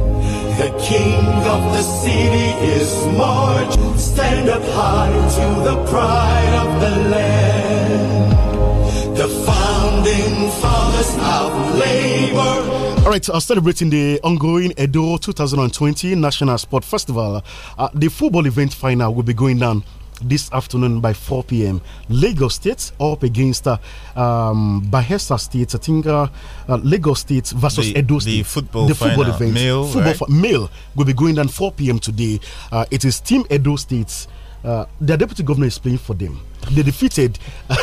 the king of the city is march. Stand up high to the pride of the land. The founding fathers of labor. All right, uh, celebrating the ongoing Edo 2020 National Sport Festival, uh, the football event final will be going down this afternoon by 4 p.m. Lagos State up against uh, um, Bahesa State. I think uh, uh, Lagos State versus the, Edo State. The football, the football event. Male, football right? male will be going down 4 p.m. today. Uh, it is Team Edo State. Uh, their deputy governor is playing for them. They defeated. <laughs>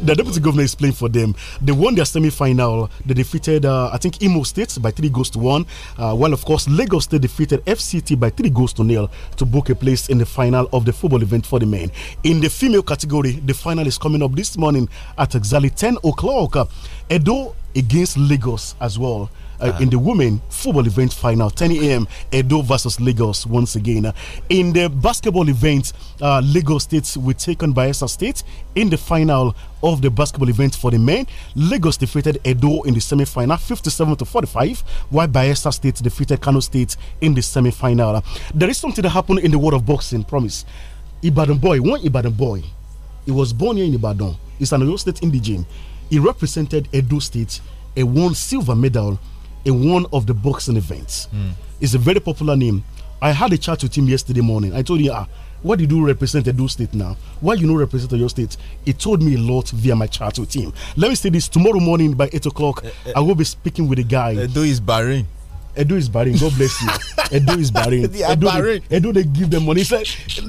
the deputy governor is playing for them. They won their semi final. They defeated, uh, I think, Imo State by three goals to one. Uh, while, of course, Lagos State defeated FCT by three goals to nil to book a place in the final of the football event for the men. In the female category, the final is coming up this morning at exactly 10 o'clock. Edo against Lagos as well uh, in the women football event final, 10 a.m. Edo versus Lagos once again. Uh, in the basketball event, uh, Lagos State will take on Bayelsa State in the final of the basketball event for the men. Lagos defeated Edo in the semi-final, 57 to 45, while Bayelsa State defeated Kano State in the semi-final. There is something that happened in the world of boxing. Promise, Ibadan boy, one Ibadan boy. He was born here in Ibadan. He's an Oyo State indigene. He represented Edo State and won silver medal in one of the boxing events. Mm. It's a very popular name. I had a chat with him yesterday morning. I told him, ah, what do you represent Edo State now? Why you not represent your state? He told me a lot via my chat with him. Let me say this tomorrow morning by 8 o'clock, uh, uh, I will be speaking with a guy. Edo is Bahrain. Edo is Bahrain. God bless you. <laughs> Edo is Bahrain. Edo, Edo, they give them money. He said,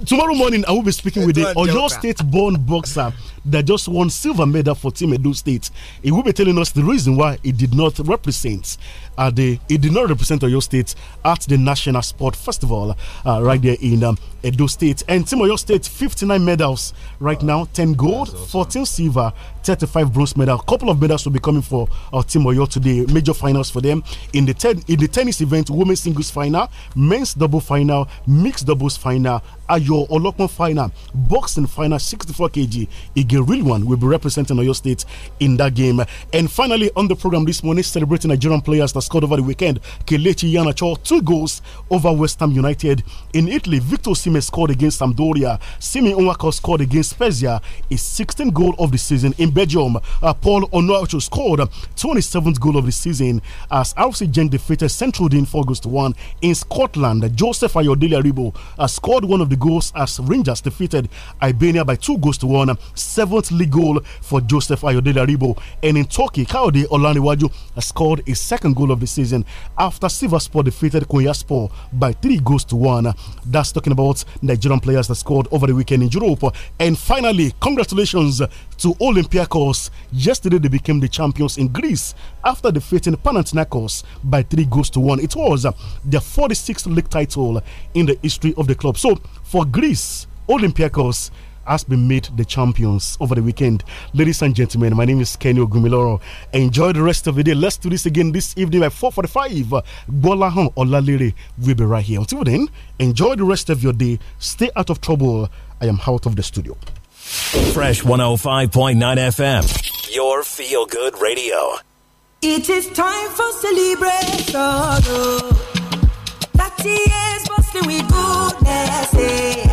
tomorrow morning, I will be speaking Edo with the Oyo State born boxer that just won silver medal for Team Edo State. He will be telling us the reason why he did not represent uh, the he did not represent Oyo State at the National Sport Festival uh, right there in um, Edo State. And Team Oyo State 59 medals right wow. now, 10 gold, awesome. 14 silver, 35 bronze medal. A couple of medals will be coming for our uh, Team Oyo today. Major finals for them in the ten in the tennis event, women's singles final, men's double final, mixed doubles final, Ayo Olokman final, boxing final, 64 kg. Ige Real One will be representing Oyo State in that game. And finally, on the program this morning, celebrating Nigerian players that scored over the weekend. Kelechi Yanacho, two goals over West Ham United. In Italy, Victor Sime scored against Sampdoria. Simi Onwako scored against Spezia, his 16th goal of the season. In Belgium, uh, Paul Onuachu scored 27th goal of the season as Alcy Genk defeated Central Dean 4 1. In Scotland, Joseph Ayodele Aribo uh, scored one of the goals as Rangers defeated Albania by two goals to one. Seventh league goal for Joseph Ayodele Aribo. And in Turkey, Kaode Olaniwaju scored a second goal of the season after Sivaspor defeated Konyaspor by three goals to one. That's talking about Nigerian players that scored over the weekend in Europe. And finally, congratulations to Olympiacos. Yesterday, they became the champions in Greece after defeating Panathinaikos by three goals to one. It was uh, their 46th league title in the history of the club. So, for Greece, Olympiacos has been made the champions over the weekend. Ladies and gentlemen, my name is Kenny Ogumiloro. Enjoy the rest of the day. Let's do this again this evening at 4.45. Gbolahan Olalere will be right here. Until then, enjoy the rest of your day. Stay out of trouble. I am out of the studio. Fresh 105.9 FM, your feel good radio. It is time for celebration. 30 years bustling with goodness. Eh?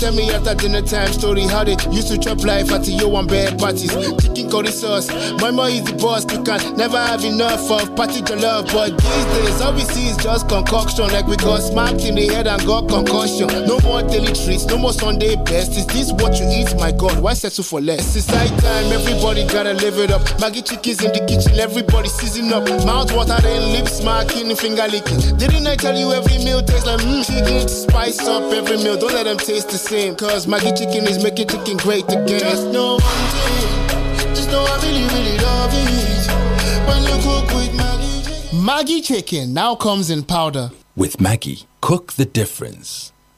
Tell me after dinner time story how they used to chop life at your one bad parties. Chicken curry sauce, my mom is the boss. You can never have enough of party to love, but these days all we see is just concoction. Like we got smacked in the head and got concussion. No more daily treats, no more Sunday best. Is this what you eat? My God, why settle for less? It's night time, everybody gotta live it up. Maggie chickens in the kitchen, everybody season up. Mouth water, lips smacking, finger licking. Didn't I tell you every meal tastes like mmm? Chicken spice up every meal. Don't let them taste the same. Cause Maggie Chicken is making chicken great again. Just know one thing. Just know I really, really love it. When you cook with Maggie Chicken. Maggie Chicken now comes in powder. With Maggie, cook the difference.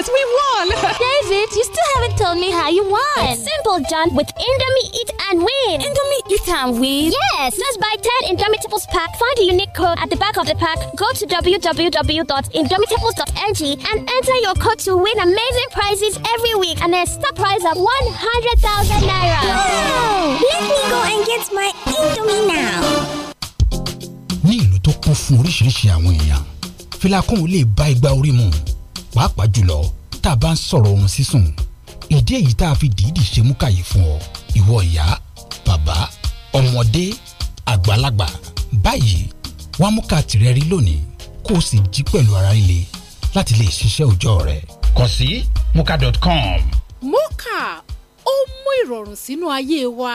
Yes, we won! <laughs> David, you still haven't told me how you won. It's simple, John. With Indomie Eat and Win. Indomie Eat and Win? Yes. Just buy 10 Indomitables pack. Find the unique code at the back of the pack. Go to www.indomitables.ng and enter your code to win amazing prizes every week and a stock prize of 100,000 Naira. Let me go and get my Indomie now. ní ìlú tó kún fún oríṣiríṣi àwọn èèyàn fìlà kún lè bá igba orí mu pàápàá jùlọ tá a bá ń sọ̀rọ̀ oorun sísùn ìdí èyí tá a fi dìídì ṣe mú kàyé fún ọ ìwọ ìyá bàbá ọmọdé àgbàlagbà báyìí wàá mú ká lónìí kó o sì jí pẹ̀lú ara líle láti lè ṣiṣẹ́ òòjọ́ rẹ. kàn sí muka.com. moka ó mú ìrọ̀rùn sínú ayé wa.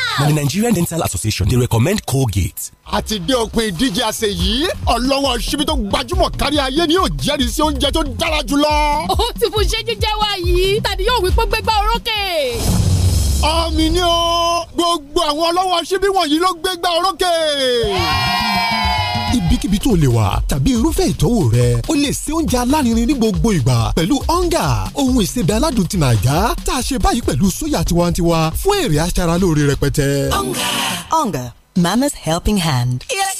na the nigerian dental association dey recommend colgate. àti dé òpin ìdíje àṣẹ yìí ọlọ́wọ́ ṣíbí tó gbajúmọ̀ kárí ayé ni yóò jẹ́rìí sí oúnjẹ tó dára jùlọ. ó ti fún iṣẹ́ jíjẹ́ wa yìí tàbí yóò wí gbégbá orókè ọmọ ni gbogbo àwọn ọlọ́wọ́ ṣíbí wọ̀nyí ló gbégbá orókè níbikíbi tó lè wà tàbí irúfẹ́ ìtọ́wò rẹ o lè ṣe oúnjẹ alárinrin ní gbogbo ìgbà pẹ̀lú ọ̀ngà ohun ìsebẹ̀ aládùn ti nàjà tá a ṣe báyìí pẹ̀lú sóyà tiwantiwa fún èrè aṣaralóore rẹpẹtẹ. ọ̀ngà ọ̀ngà mama's helping hand. Yes.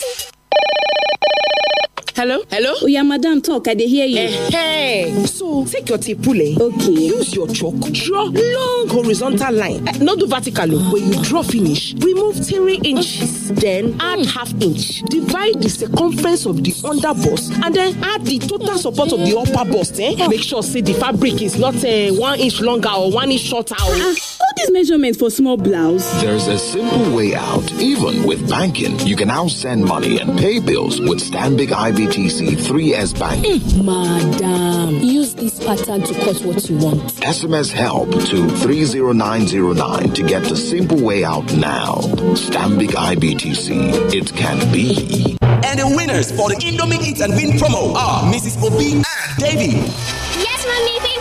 Hello? Hello? Oh, yeah, madam, talk. I hear you. Uh, hey. So, take your tipule. Okay. Use your chalk. Draw long horizontal line. Uh, not do vertical. Oh. When you draw finish, remove three inches. Then mm. add half inch. Divide the circumference of the under bust and then add the total support of the upper bust. Eh? Oh. Make sure, say, the fabric is not uh, one inch longer or one inch shorter. Or... Oh. Ah. this measurement for small blouse? There's a simple way out. Even with banking, you can now send money and pay bills with Stanbic IBTC 3S Bank. Mm. Madam, use this pattern to cut what you want. SMS help to 30909 to get the simple way out now. Stanbic IBTC. It can be. And the winners for the Indomie Eat and Win promo are Mrs. Obi and Davy. Yes, Mommy,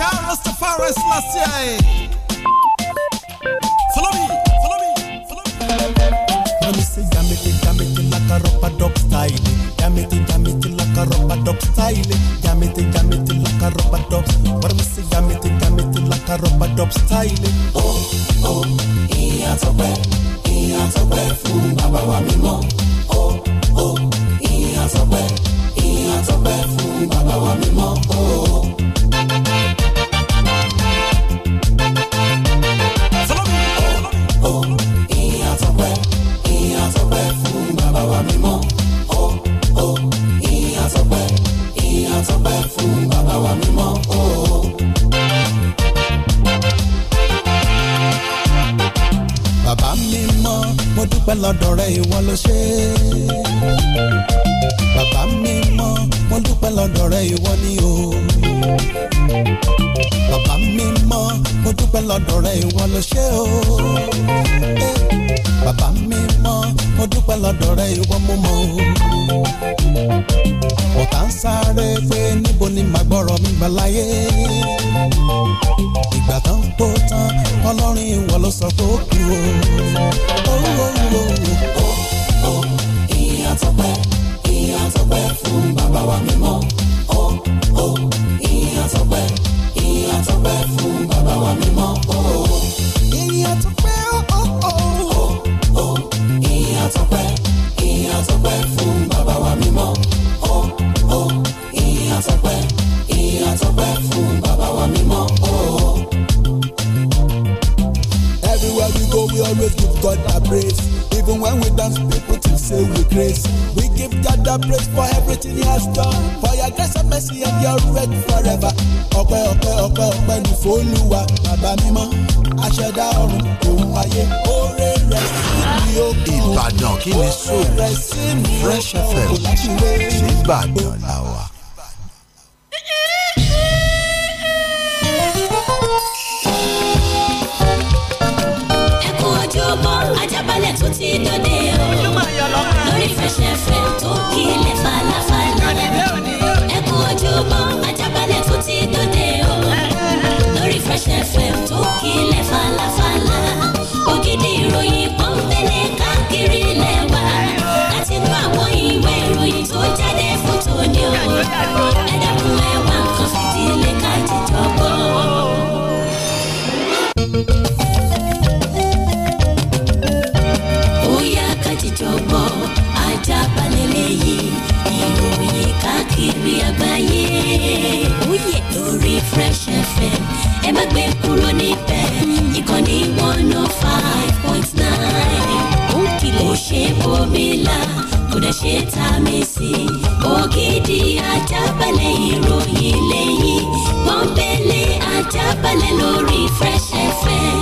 Car Rastafari Selassie. Follow me, follow me, follow me. Let me say, damn it, damn it, like a rubber duck style. Damn it, damn it, like a rubber duck style. Damn it, damn it, like a rubber duck. What me say, damn it, damn it, like a rubber duck style. Oh, oh, he a he tọpẹ́, a tọpẹ́ fool, bàbá wa mi mo. Oh, oh, he a he tọpẹ́, a tọpẹ́ fool, bàbá wa mi mo. oh. oh fún bàbá wa mímọ́ o. bàbá mímọ́ mo dúpẹ́ lọ́dọ̀ rẹ ìwọ ló ṣe é bàbá mímọ́ wọ́n dúpẹ́ lọ́dọ̀ rẹ ìwọ ni o. bàbá mímọ́ wọ́n dúpẹ́ lọ́dọ̀ rẹ ìwọ ló ṣe o. bàbá mímọ́ wọ́n dúpẹ́ lọ́dọ̀ rẹ ìwọ mo mọ̀ o. ọ̀tá ń sáré pé níbo ni màá gbọ́rọ̀ mi gbà láyé. ìgbà tán tó tán ọlọ́run ìwọ ló sọ pé ó kú o. ó ó ó ó ó ó àtọpẹ́ fún bàbá wa mímọ́ ó ó ìyìn àtọpẹ́ ìyìn àtọpẹ́ fún bàbá wa mímọ́ ó ìyìn àtọpẹ́ ó ó ó ìyìn àtọpẹ́ ìyìn àtọpẹ́ fún bàbá wa mímọ́ ó ó ìyìn àtọpẹ́ ìyìn àtọpẹ́ fún bàbá wa mímọ́ ó. Everywhere we go, we always give God a praise. Even when we dance, people still say we grace. We give God the praise for everything He has done. For your grace and mercy and your word forever. Ọpẹ́ ọpẹ́ ọpẹ́ ọpẹ́ ní f'Olúwa bàbá mímọ́. Aṣẹ̀dá ọ̀run òun ayé. Oore rẹ̀ sí mi ó kún. Ìbàdàn kí ni so? Fresh FM. Ìbàdàn làwà. fẹsẹ̀fẹ̀ tó kílẹ̀ falafala. ẹ kú ojúmọ́ ajábalẹ̀ tó ti dòde o. lórí fẹsẹ̀fẹ̀ tó kílẹ̀ falafala. ògidì ìròyìn kan fẹ́lẹ̀ káàkiri lẹ́wà. láti nú àwọn ìwé ìròyìn tó jáde fún tòní o. káàkiri àgbáyé. Ó lórí Refresh FM ẹ má gbé kúrò níbẹ̀ ìkànnì one oh five point nine. Ó kìlọ̀ ṣe bomi la kódà ṣe ta mi sí. Ògidì ajábalẹ̀ ìròyìn lẹ́yìn pọ́npẹ́lẹ́ ajábalẹ̀ lórí Refresh FM.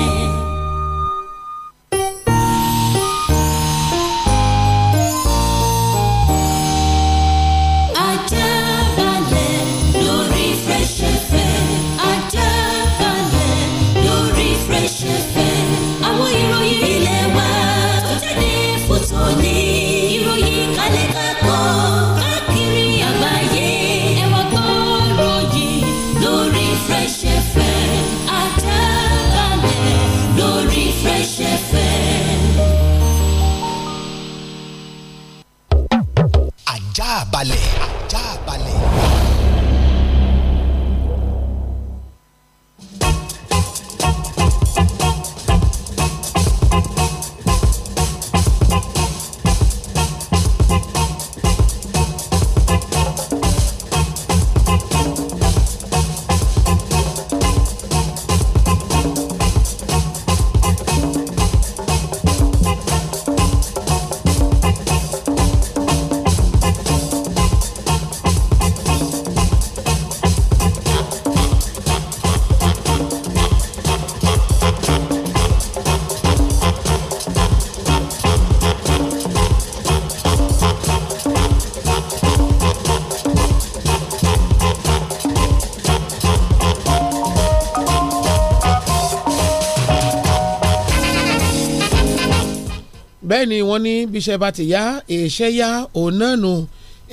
bẹ́ẹ̀ ni wọ́n ní bíṣẹ́ bá ti yá iṣẹ́ yá òun náà nù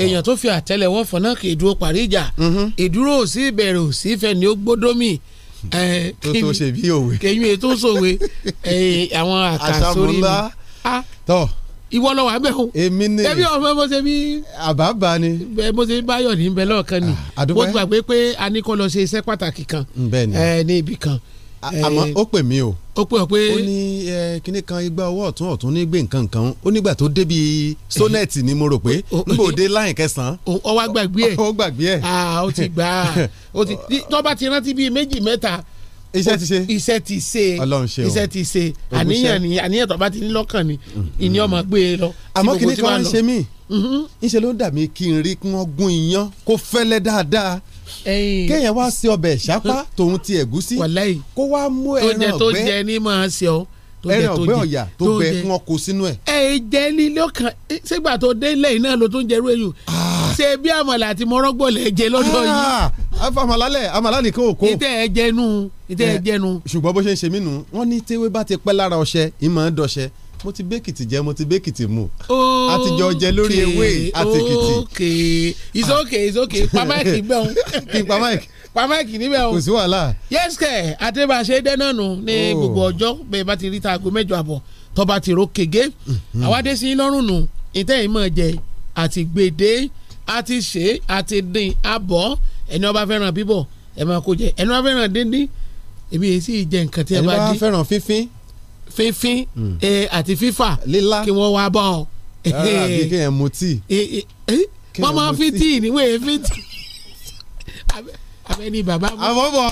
èèyàn tó fi àtẹ́lẹwọ́ fọnà kì í dúró parí ìjà mhm. ìdúró ò sí ìbẹ̀rù ò sí ìfẹ́ ni ó gbódómì tó tó ṣe bí òwe kẹyìn ètò sòwe àwọn àkàsórí mi tọ ìwọ lọ wà bẹ́ẹ̀ o èmi ni ẹbí ọmọ mo ṣe bí àbábà ni mo ṣe bí báyọ̀ ní bẹ́ẹ̀ lọ́ọ̀kan ni mo gbà pé pé a ní kó lọ ṣe iṣẹ́ pàtàkì kan ní ibì kan àmọ́ eh, ó pè mí o ó pè ọ pé ó ní eh, kinní kan igba ọwọ́ ọ̀tún ọ̀tún ní gbé nǹkan kan ó nígbà tó débi sonẹ́ẹ̀tì ni mo rò pé <laughs> níbo dé láyìn kẹsàn-án. ó wá gbàgbé ẹ̀ <laughs> ó gbàgbé ẹ̀. Ah, ó ti gbà á <laughs> tó bá ti rántí bíi méjì mẹ́ta iṣẹ́ ti ṣe iṣẹ́ ti ṣe Ọlọ́run ṣe o iṣẹ́ ti ṣe àníyàn ni àníyàn tó bá ti ní lọ́kàn ni mm-hmm. ìní ọmọ gbé e lọ. àmọ́ kí ni kí wọ́n ṣe mí mm-hmm. ńṣe ló dà mí kí n rí kí wọ́n gún iyán kó fẹ́lẹ́ dáadáa kéèyàn wá sí ọbẹ̀ ṣápá <laughs> tòun ti ẹ̀gúsí kó wá mú ẹran ọ̀gbẹ́ tó jẹ ní máa ṣe ọ ẹran ọ̀gbẹ́ ọ̀yà tó bẹ kí wọ́n kó sínú ẹ̀. ẹ jẹ́ nílé ọkàn ṣégbà tó dé lẹ́yìn náà ló tún jẹ́rú ẹ̀yìn ah ṣe bí àmàlà àti mọ́rọ́gbọ̀ jẹ lọ́dọ̀ yìí. Ah, ah, àmàlà lẹ̀ àmàlà nìkan ò kó. ìtẹ́ ẹ jẹnu ìtẹ́ ẹ eh, jẹnu. ṣùgbọ́n bó ṣe ń ṣe mí nu wọ́n ní tewé bá ti pẹ́ lára ọṣẹ ìmọ̀ ń dọṣẹ mo ti bẹ́kìtì jẹ mo ti bẹ́kìtì mu àtijọ́ jẹ lórí ewé àtẹkìtì. Ah. ok it's okay. it's okay. pamaki bẹ́ẹ̀ <laughs> kí pamaki pamaki níbẹ̀ o kò sí wàhálà. yẹ́sìkẹ̀ àtẹ̀bàṣe dẹ́nà nù ní oh. gbogbo ọjọ́ bẹ́ẹ̀ bá ti rí taago mẹ́jọ àbọ̀ tọ́ba ti ro kege mm-hmm. àwa dé sí lọ́rùn nù ìtẹ́yìn mọ̀ jẹ àti gbèdé a ti ṣe é a ti dín abọ́ ẹni ó bá fẹ́ràn bíbọ̀ ẹ máa kó jẹ ẹni ó bá fẹ́ràn díndín ebi èyí sì jẹ nǹkan tí ẹ bá dín ẹni ó bá fẹ́ràn fífín fífín hmm. àti fífà kí wọ́n wá bá ọ. rárá bí kéèyàn mu tíì. wọ́n máa fi tíì níwèé fi tíì <laughs> abẹ́ni bàbá mọ́ àbọ̀bọ̀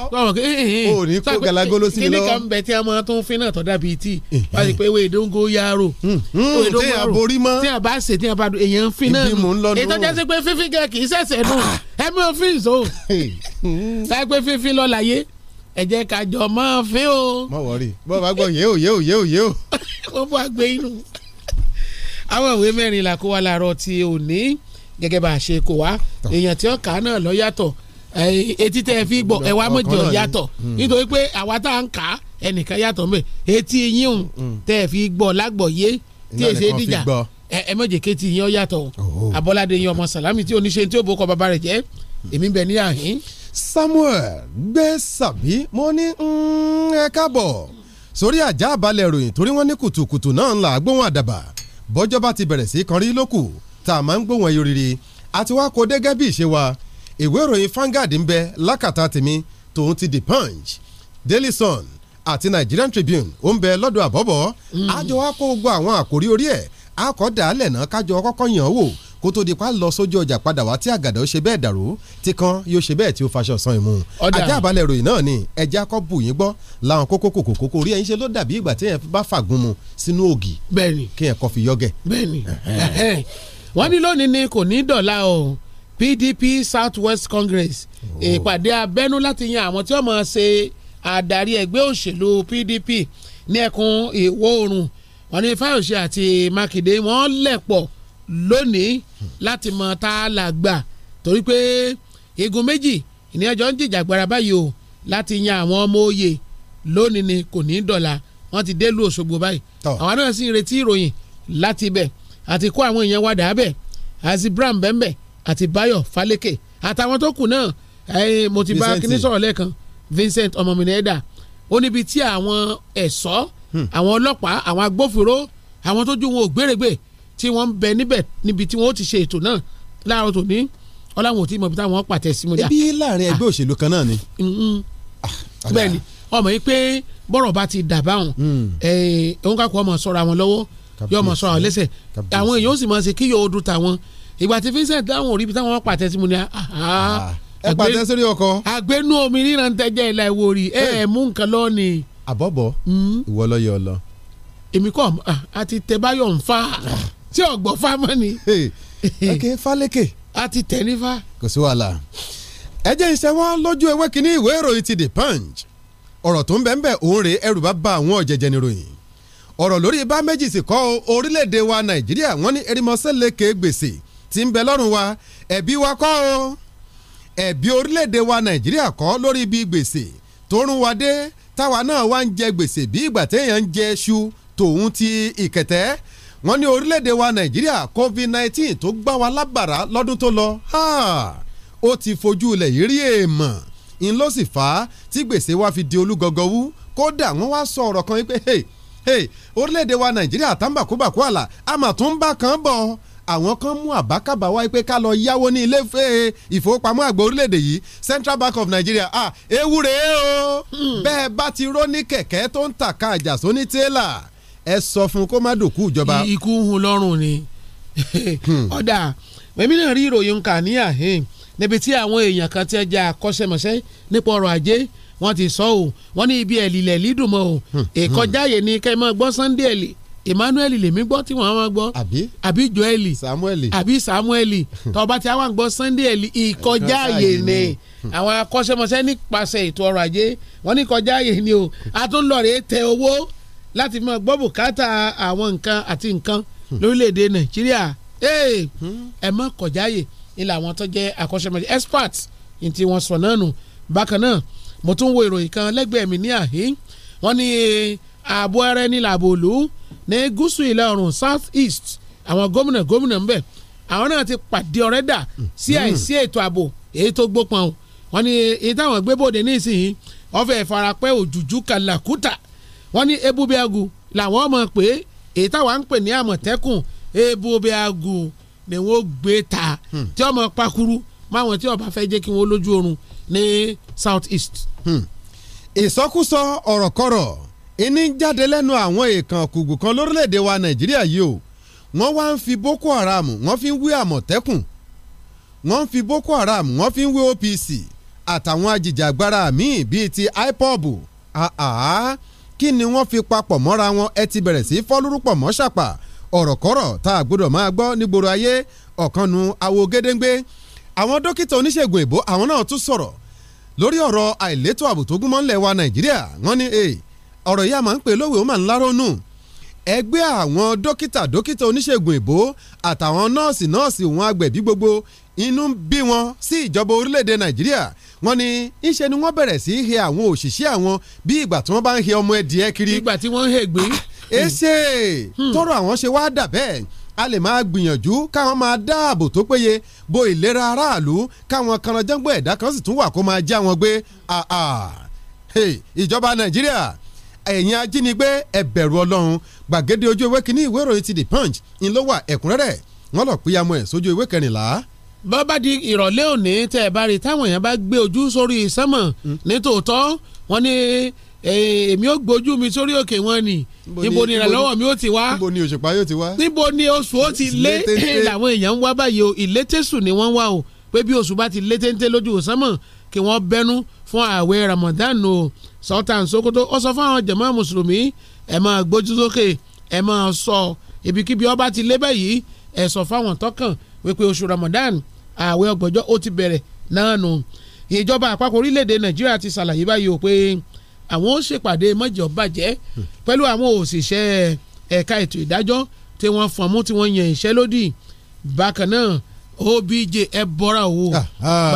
o ní kó galagolo sí mi lọ. kíní kan bẹ tí a máa tún fínà tó dàbí tí wá sí pé ewé ìdóngó yàrá o tí a borí mọ́ tí a bá ṣe tí a bá èèyàn fínà nù ètò jẹ́ sí pé fífi gẹ̀ kì í ṣẹ̀ṣẹ̀ nù ẹ̀mí òfin so táyé pé fífi lọ láyé ẹ jẹ́ ká jọ máa fín o. mọ wọrí bọ́ bá gbọ́ yéò yéò yéò yéò. <laughs> wọ́n bá gbé inú. àwọn ìwé mẹ́rin là kó wa láàárọ̀ ti òní gẹ́gẹ́ bá a ṣe kó wa èèyàn tí ó kà á náà lọ yàtọ̀ etí tẹ́ ẹ fi gbọ́ ẹ wá mọ̀jọ yàtọ̀ hmm. nítorí pé àwa tá à ń kà á ẹnìkan yàtọ̀ mẹ́ etí yín hmm. tẹ́ ẹ fi gbọ́ lágbọ̀ọ́yé tí èsè dìjà ẹ mọ̀jẹ̀ kétí yín ọ yàtọ̀ oh. Abọ́ládé yín ọmọ Sàlámì tí oníṣe tí ó bó kọ bàbá rẹ̀ jẹ́ èmi bẹ̀ ní àhín. Samuel gbé sàbí mo ní mm, ẹ káàbọ̀ sórí àjà àbálẹ̀ ìròyìn torí wọ́n ní kùtùkùtù náà ń la gbóhùn àdàbà bọ́jọ́ bá ti bẹ̀rẹ̀ sí kan rí lókù tá a máa ń gbóhùn ẹyọ rírì àti wá kó dé bí ìṣe wa ìwé ìròyìn Vanguard ń bẹ lákàtà tèmi tòun ti The Punch Daily Sun àti Nigerian Tribune ó ń bẹ lọ́dọ̀ àbọ̀bọ̀ àjọ hmm. wa kó gbogbo àwọn àkórí orí ẹ̀ akọ̀dà alẹ̀ náà kájọ kọ́kọ́ yàn wò kó tó di pa lọ sójú ọjà padà wá tí àgàdà ó ṣe bẹ́ẹ̀ dàrú tí kan yóò ṣe bẹ́ẹ̀ tí ó faṣọ san ìmú. ajá àbálẹ̀ ròyìn náà ni ẹja kọ́ bù yín gbọ́ làwọn kókó kòkó kókó orí ẹ̀yin ṣe ló dàbí ìgbà tí yẹn bá fàgùn mu sínú ògì kí yẹn kọ́ fi yọ́gẹ̀. bẹ́ẹ̀ni wọ́n ní lónìí ni kò ní dọ̀la o PDP Southwest Congress oh. ìpàdé abẹ́nú láti yan àwọn tí wọ́n máa ṣe àdarí ẹgbẹ́ òṣèlú PDP ní ẹkùn ìwọ̀ oòrùn wọn ni Fáyọ̀ṣe àti Mákindé wọ́n lẹ̀ pọ̀ lónìí láti mọ tá a là gbà torí pé igun méjì ìní ẹjọ́ ń jìjàgbara báyìí o láti yan àwọn ọmọ òye lónìí ni kò ní dọ̀la wọ́n ti délùú Òṣogbo báyìí àwọn náà sì ń retí ìròyìn láti bẹ̀ àti kó àwọn èèyàn wá dàá bẹ̀ Azibram bẹ́ẹ̀ bẹ́ẹ̀ àti bayo faleke àtàwọn tó kù náà mo ti bá kíní sọ̀rọ̀ lẹ́ẹ̀kan Vincent ọmọmìnira ó níbi tí àwọn ẹ̀ṣọ́ hmm. àwọn ọlọ́pàá àwọn agbófinró àwọn tó ju wọn ò gbèrègbè tí wọ́n ń bẹ níbẹ̀ níbi tí wọ́n ó ti ṣe ètò náà láàárọ̀ tòní ọláwọn ò tí mọ̀ bí táwọn pàtẹ sí mo dá. ebi láàrin ẹgbẹ́ ah. òṣèlú kan náà ni. Ah, bẹ́ẹ̀ni ọmọ yìí pé bọ́rọ̀ bá ti dà báwọn hmm. eh, òun kakọ ọmọ sọ̀rọ̀ àwọn lọ́wọ́ yọ ọmọ sọ̀rọ̀ àwọn lẹ́sẹ̀ àwọn èèyàn ó sì máa ṣe kí yóò dùn tàwọn ìgbà tí Vincent dáhùn orí bí táwọn pàtẹ sí mu ni ah, ah, ah, ẹ pàtẹ sórí ọkọ. àgbẹnú omi ríran tẹjẹ ìlà ìwò rí ẹ ẹ mú nǹkan lọ ni. àbọ̀bọ̀ hmm? ìwọ lọ yẹ ọ lọ. èmi kọ́ àti tẹ̀báyọ̀ ń fa tí ọ̀gbọ́ fa mọ́ ni. ok falẹ́kẹ̀. a ti tẹ̀ nífa. kò sí wàhálà ẹ jẹ́ ìṣe wọn lójú ewé kínní ìwé ìròyìn ti The Punch ọ̀rọ̀ tó ń bẹ́ẹ̀ bẹ́ẹ̀ òun rèé ẹrù bá ba àwọn ọ̀jẹ̀jẹ̀ nìròyìn ọ̀rọ̀ lórí bá méjì sì kọ́ orílẹ̀-èdè wa Nàìjíríà wọ́n ní erimọ́sẹ́ lẹ́kẹ̀ẹ́ gbèsè tí ń bẹ lọ́rùn wa ẹ̀bí wa kọ́ o ẹ̀bí orílẹ̀-èdè wa nàìjíríà kọ́ lórí bí gbèsè tó rún wa dé táwa náà wá ń jẹ gbèsè bí ìgbà téèyàn ń jẹ ṣu tòun ti ìkẹ̀tẹ́ wọ́n ní orílẹ̀-èdè wa nàìjíríà covid nineteen tó gbá wa lábàrá lọ́dún tó lọ ó ti fojú ilẹ̀ yìí rí èèmọ̀ ń ló sì fà tí gbèsè wa fi di olúgọgọ wú kódà wọ́n wá sọ ọ̀rọ̀ kan wípé hey, hey, orílẹ̀-èdè wa nàìjíríà tàǹbàkúbàkú àlà àmàtúnbà kan bọ̀ àwọn kan mú àbákàbá wáyé pé ká lọ yáwó ní ilé eh, ìfowópamọ́ àgbà orílẹ̀-èdè yìí Central Bank of Nigeria ah ewu rèé o hmm. bẹ́ẹ̀ bá ti rọ́ ní kẹ̀kẹ́ tó ń tàka àjà sóní tẹ́lá ẹ sọ fún kó má dòkú ìjọba. ikú hun lọ́rùn ni hmm. <laughs> ọ̀dà mẹ́mí náà rí ìròyìn kà ní àhín níbi tí àwọn èèyàn kan ti ẹja akọ́ṣẹ́mọṣẹ́ nípa ọrọ̀ ajé wọ́n ti sọ ọ́ wọ́n ní ibi ẹ̀lìlẹ̀ lídùnmọ́ ọ́ èkọjáyè hmm. ni kẹ́ mọ́ gbọ́ Sunday ẹ̀lì Emmanuel lèmi gbọ́ tí wọ́n máa gbọ́ àbí àbí Joel Samueli àbí Samueli <laughs> tọba tí a wà ń gbọ́ Sunday ìkọjá àyè ni àwọn akọ́ṣẹ́mọṣẹ́ nípasẹ̀ ètò ọrọ̀ ajé wọ́n ní ìkọjá àyè ni o a tún lọ rèé tẹ owó láti máa gbọ́ bùkátà àwọn nǹkan àti nǹkan hmm. lórílẹ̀‐èdè Nàìjíríà hmm. ẹ mọ̀ kọjá àyè ni làwọn tó jẹ́ akọ́ṣẹ́mọṣẹ́ experts ní tí wọ́n sọ náà nù bákan náà mo tún wo ìròyìn kan lẹ́gbẹ̀ẹ́ mi ní àhín wọ́n ní ààbò ara ẹni làbò òlú ní gúúsù ìlà oòrùn south east àwọn gómìnà gómìnà ń bẹ̀ àwọn náà ti pàdé ọ̀rẹ́ dà sí hmm. àìsí ètò ààbò èyí tó gbópọn o wọn ni èyí táwọn gbé bòde nísìnyí ọfẹ ìfarapẹ́ òjùjú kàlàkùtà wọn ni ebubiagu làwọn ọmọ pé èyí táwọn ń pè ní àmọ̀tẹ́kùn ebubiagu ni wọn gbé ta hmm. tí ọmọ pakuru máwọn tí ọba fẹ́ jẹ́ kí wọ́n lójú oorun ní south east. Hmm. ìsọkúsọ ọ̀rọ̀kọ̀rọ̀ ìní jáde lẹ́nu àwọn èèkàn kùgbù kan lórílẹ̀‐èdè wa nàìjíríà yìí o wọ́n wá ń fi boko haram wọ́n fi ń wé àmọ̀tẹ́kùn wọ́n ń fi boko haram wọ́n fi ń wé OPC àtàwọn ajìjàgbara míì bíi ti IPOB àhà kí ni wọ́n fi papọ̀ mọ́ra wọn ẹ ti bẹ̀rẹ̀ sí fọ́lúrúpọ̀ mọ́ ṣàpà ọ̀rọ̀kọ́rọ̀ tá a gbọ́dọ̀ máa gbọ́ nígboro ayé ọ̀kanu awo gédéńgbé àwọn dókítà oníṣègùn èbó àwọn náà tún sọ̀rọ̀ lórí ọ̀rọ̀ àìlétò ààbò ńlẹ̀ wa Nàìjíríà wọ́n ní èyí ọ̀rọ̀ yìí a máa ń pè lówe ó máa ń lárónù ẹgbẹ́ àwọn dókítà dókítà oníṣègùn ìbò àtàwọn nọ́ọ̀sì nọ́ọ̀sì wọn agbẹ̀bí gbogbo inú bí wọn sí ìjọba orílẹ̀-èdè nàìjíríà wọ́n ní ńṣe ni wọ́n bẹ̀rẹ̀ sí í he àwọn òṣìṣẹ́ àwọn bí ìgbà tí wọ́n bá ń he ọmọ ẹ̀dìẹ kiri. ìgbà tí wọ́n ń he gbé. èsè hmm. tọrọ àwọn ṣe wá dà bẹ́ẹ̀ a lè máa gbìyànjú káwọn máa dáàbò tó péye bo ìlera aráàlú káwọn kanajẹ́ngbò ẹ̀dá kan sì tún wà kó máa já wọn gbé ìjọba nàìjíríà ẹ̀yin ajínigbé ẹ bẹ̀rù ọlọ́run gbàgede ojú ewé kínní ìwé ìròyìn ti the punch ń ló wà ẹ̀kúnrẹ́rẹ́ wọn lọ pínyà mọ́ ẹ̀ sójú ìwé kẹrìnlá. bọ́bá di ìrọ̀lẹ́ òní tẹ́ ẹ bá rí táwọn èèyàn bá gbé ojú sórí sánmọ̀ hmm. nítòótọ́ wọn ni èmi ò gbójú mi sórí òkè wọn ni níbo ni ìrànlọ́wọ́ mi ó ti wá níbo ni òṣùpá yóò ti wá níbo ni oṣù ó ti lé <laughs> làwọn èèyàn ń wá báyìí o ìlétésù ni wọ́n wá o pé bí oṣù bá ti lé téńté lójú sánmọ̀ kí wọ́n bẹnu fún ààwẹ̀ Ramadan o. No Sultan Sokoto ó sọ fún àwọn jàmá mùsùlùmí ẹ máa gbójú sókè ẹ máa sọ ibikíbi ọba ti lébẹ̀ yìí ẹ sọ fáwọn tọkàn wípé oṣù Ramadan ààwẹ̀ ọgbọ̀njọ́ ó ti bẹ̀rẹ̀ náà nù ìjọba àpapọ̀ orílẹ̀-èdè Nàìjíríà ti ṣàlàyé báyìí o pé àwọn ó ṣèpàdé mọ́jọ bàjẹ́ pẹ̀lú àwọn òṣìṣẹ́ ẹ̀ka ètò ìdájọ́ tí wọ́n fọ̀mú tí wọ́n yan iṣẹ́ lódì bákan náà OBJ ẹ bọ́ra o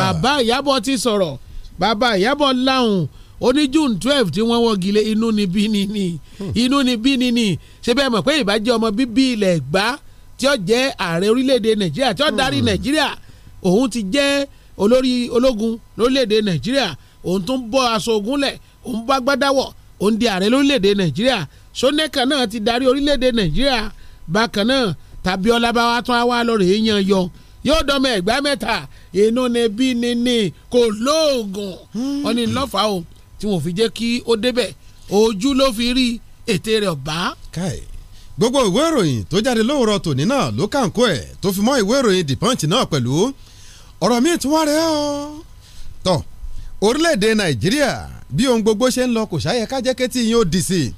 bàbá Ìyábọ̀ ti sọ̀rọ̀ bàbá Ìyábọ̀ láhùn ó ní june twelve tí wọ́n wọ́gi lé inú ni bí ni ni inú ni bí ni ni ṣé bẹ́ẹ̀ mọ̀ pé ìbàjẹ́ ọmọ bíbí ilẹ̀ gbá tí ó jẹ́ ààrẹ orílẹ̀-èdè nàìjíríà tí ó darí nàìjíríà òun ti jẹ́ olórí ológun lórílẹ̀-èdè nàìjíríà òun tún bọ́ aṣọ ogun lẹ̀ òun bá gbádáwọ̀ òun di ààrẹ lórílẹ̀-èdè nàìjíríà sọ́nẹ́kà náà ti darí orílẹ̀-èdè nàìjíríà bákan náà tàbí ọlábáwá tún á wá lọ́rọ̀ èèyàn yọ yóò dọ́mọ ẹ̀gbá mẹ́ta inú ni bí ni ni kò lóògùn hmm. ọ ní lọ́fàá o tí wọ́n fi jẹ́ kí ó débẹ̀ ojú ló fi rí ète rẹ̀ ọ̀bá. káì gbogbo ìwé ìròyìn tó jáde lówùrọ̀ tòní náà ló kàǹkó ẹ̀ tó fi mọ́ ìwé ìròyìn The Punch náà pẹ̀lú ọ̀rọ̀ míì tí wọ́n rẹ̀ ọ́ tọ̀ orílẹ̀-èdè Nàìjíríà bí ohun gbogbo ṣe ń lọ kò ṣàyẹ ká jẹ́ kétí yín ó dì sí i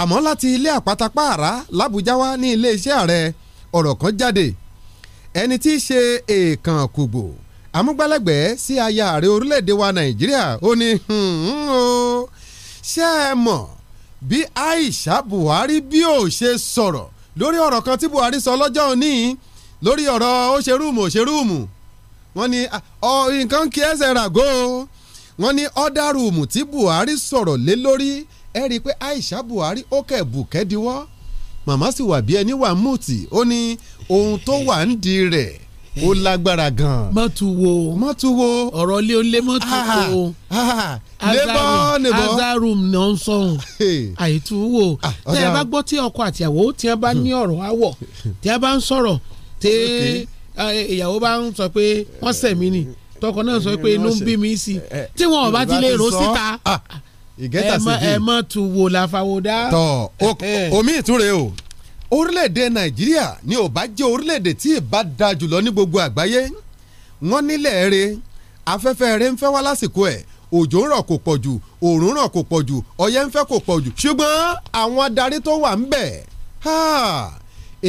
àmọ́ láti ilé àpátápààrà làbújá wá ní iléeṣẹ́ ààrẹ ọ̀rọ̀ kan jáde ẹni tí í ṣe èèkàn kùgbò amúgbálẹ́gbẹ̀ẹ́ sí aya ààrẹ orílẹ̀‐èdè wa nàìjíríà ó ní hmm, o ṣé ẹ mọ̀ bí Aisha Buhari bí ò ṣe sọ̀rọ̀ lórí ọ̀rọ̀ kan tí Buhari sọ lọ́jọ́ òní lórí ọ̀rọ̀ ó ṣe rúùmù ó ṣe rúùmù wọ́n ní ah, nǹkan kí ẹsẹ̀ ràgó wọ́n ní ọ̀dà rúùmù tí Buhari sọ̀rọ̀ lé lórí ẹ rí i pé Aisha Buhari ó kẹ̀ bù kẹ́díwọ́ màmá sì wà bí ẹni wà mùtì ó ní ohun tó wà ń di rẹ̀ ó lágbára gan. mọ́tù wo mọ́tù wo ọ̀rọ̀ lé olé mọ́tù ah, ah, ah, wo lébọ́ nìbọ́ azarum ni ó ń wo tẹ́ ẹ bá gbọ́ tí ọkọ àtìyàwó tí ẹ bá ní ọ̀rọ̀ àwọ̀ tí ẹ bá ń sọ̀rọ̀ tí <laughs> ìyàwó bá ń sọ pé wọ́n sẹ̀mí ni tọkọ náà sọ pé inú ń bí mi sí eh, eh, tí wọn ò bá ti lè rò síta ẹ mọ́ tu wo làfàwọ́dá. tọ eh, omi ìtúre o orílẹ̀-èdè nàìjíríà ni ò bá jẹ́ orílẹ̀-èdè tí ì bá da jùlọ ní gbogbo àgbáyé wọ́n nílẹ̀ eré afẹ́fẹ́ eré ń fẹ́ wá lásìkò ẹ̀ òjò ń rọ̀ kò pọ̀ jù òòrùn rọ̀ kò pọ̀ jù ọyẹ́ ń fẹ́ kò pọ̀ jù ṣùgbọ́n àwọn adarí tó wà ń bẹ̀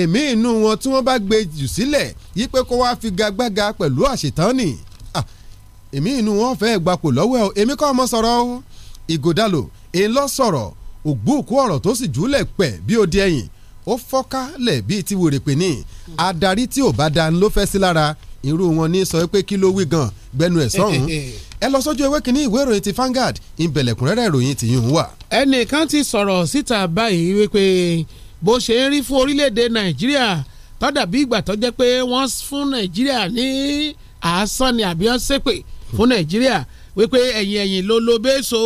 èmi inú wọn tí wọ́n bá gbé jù sílẹ̀ yí pé kó wá fi gagbága pẹ̀lú àṣetán ni èmi inú wọn fẹ́ gbapò lọ́wọ́ ẹ̀ èmi kọ́ ọmọ sọ̀rọ̀ o ìgòdàlò èyí lọ sọ̀rọ̀ ògbóòkú ọ̀rọ̀ tó sì jùlẹ̀ pẹ̀ bí ó di ẹ̀yìn ó fọ́kálẹ̀ bíi ti wèrèpè ní adarí tí ò bá dáa ló fẹ́ sí lára irú wọn ní sọ pé kí ló wí gan gbẹnu ẹ̀ sọ́hún <laughs> ẹ lọ sójú ewé kínní ìwé ìròyìn ti Vanguard ìbẹ̀lẹ̀kúnrẹ́rẹ́ ìròyìn tìyún wà. ẹnìkan ti sọ̀rọ̀ síta báyìí wípé bó ṣe ń rí fún orílẹ̀-èdè Nàìjíríà tó bí ìgbà tó jẹ́ pé wọ́n fún Nàìjíríà ní àásán ni àbí wọ́n ṣépè fún Nàìjíríà wípé ẹ̀yìn ẹ̀yìn ló lo béèso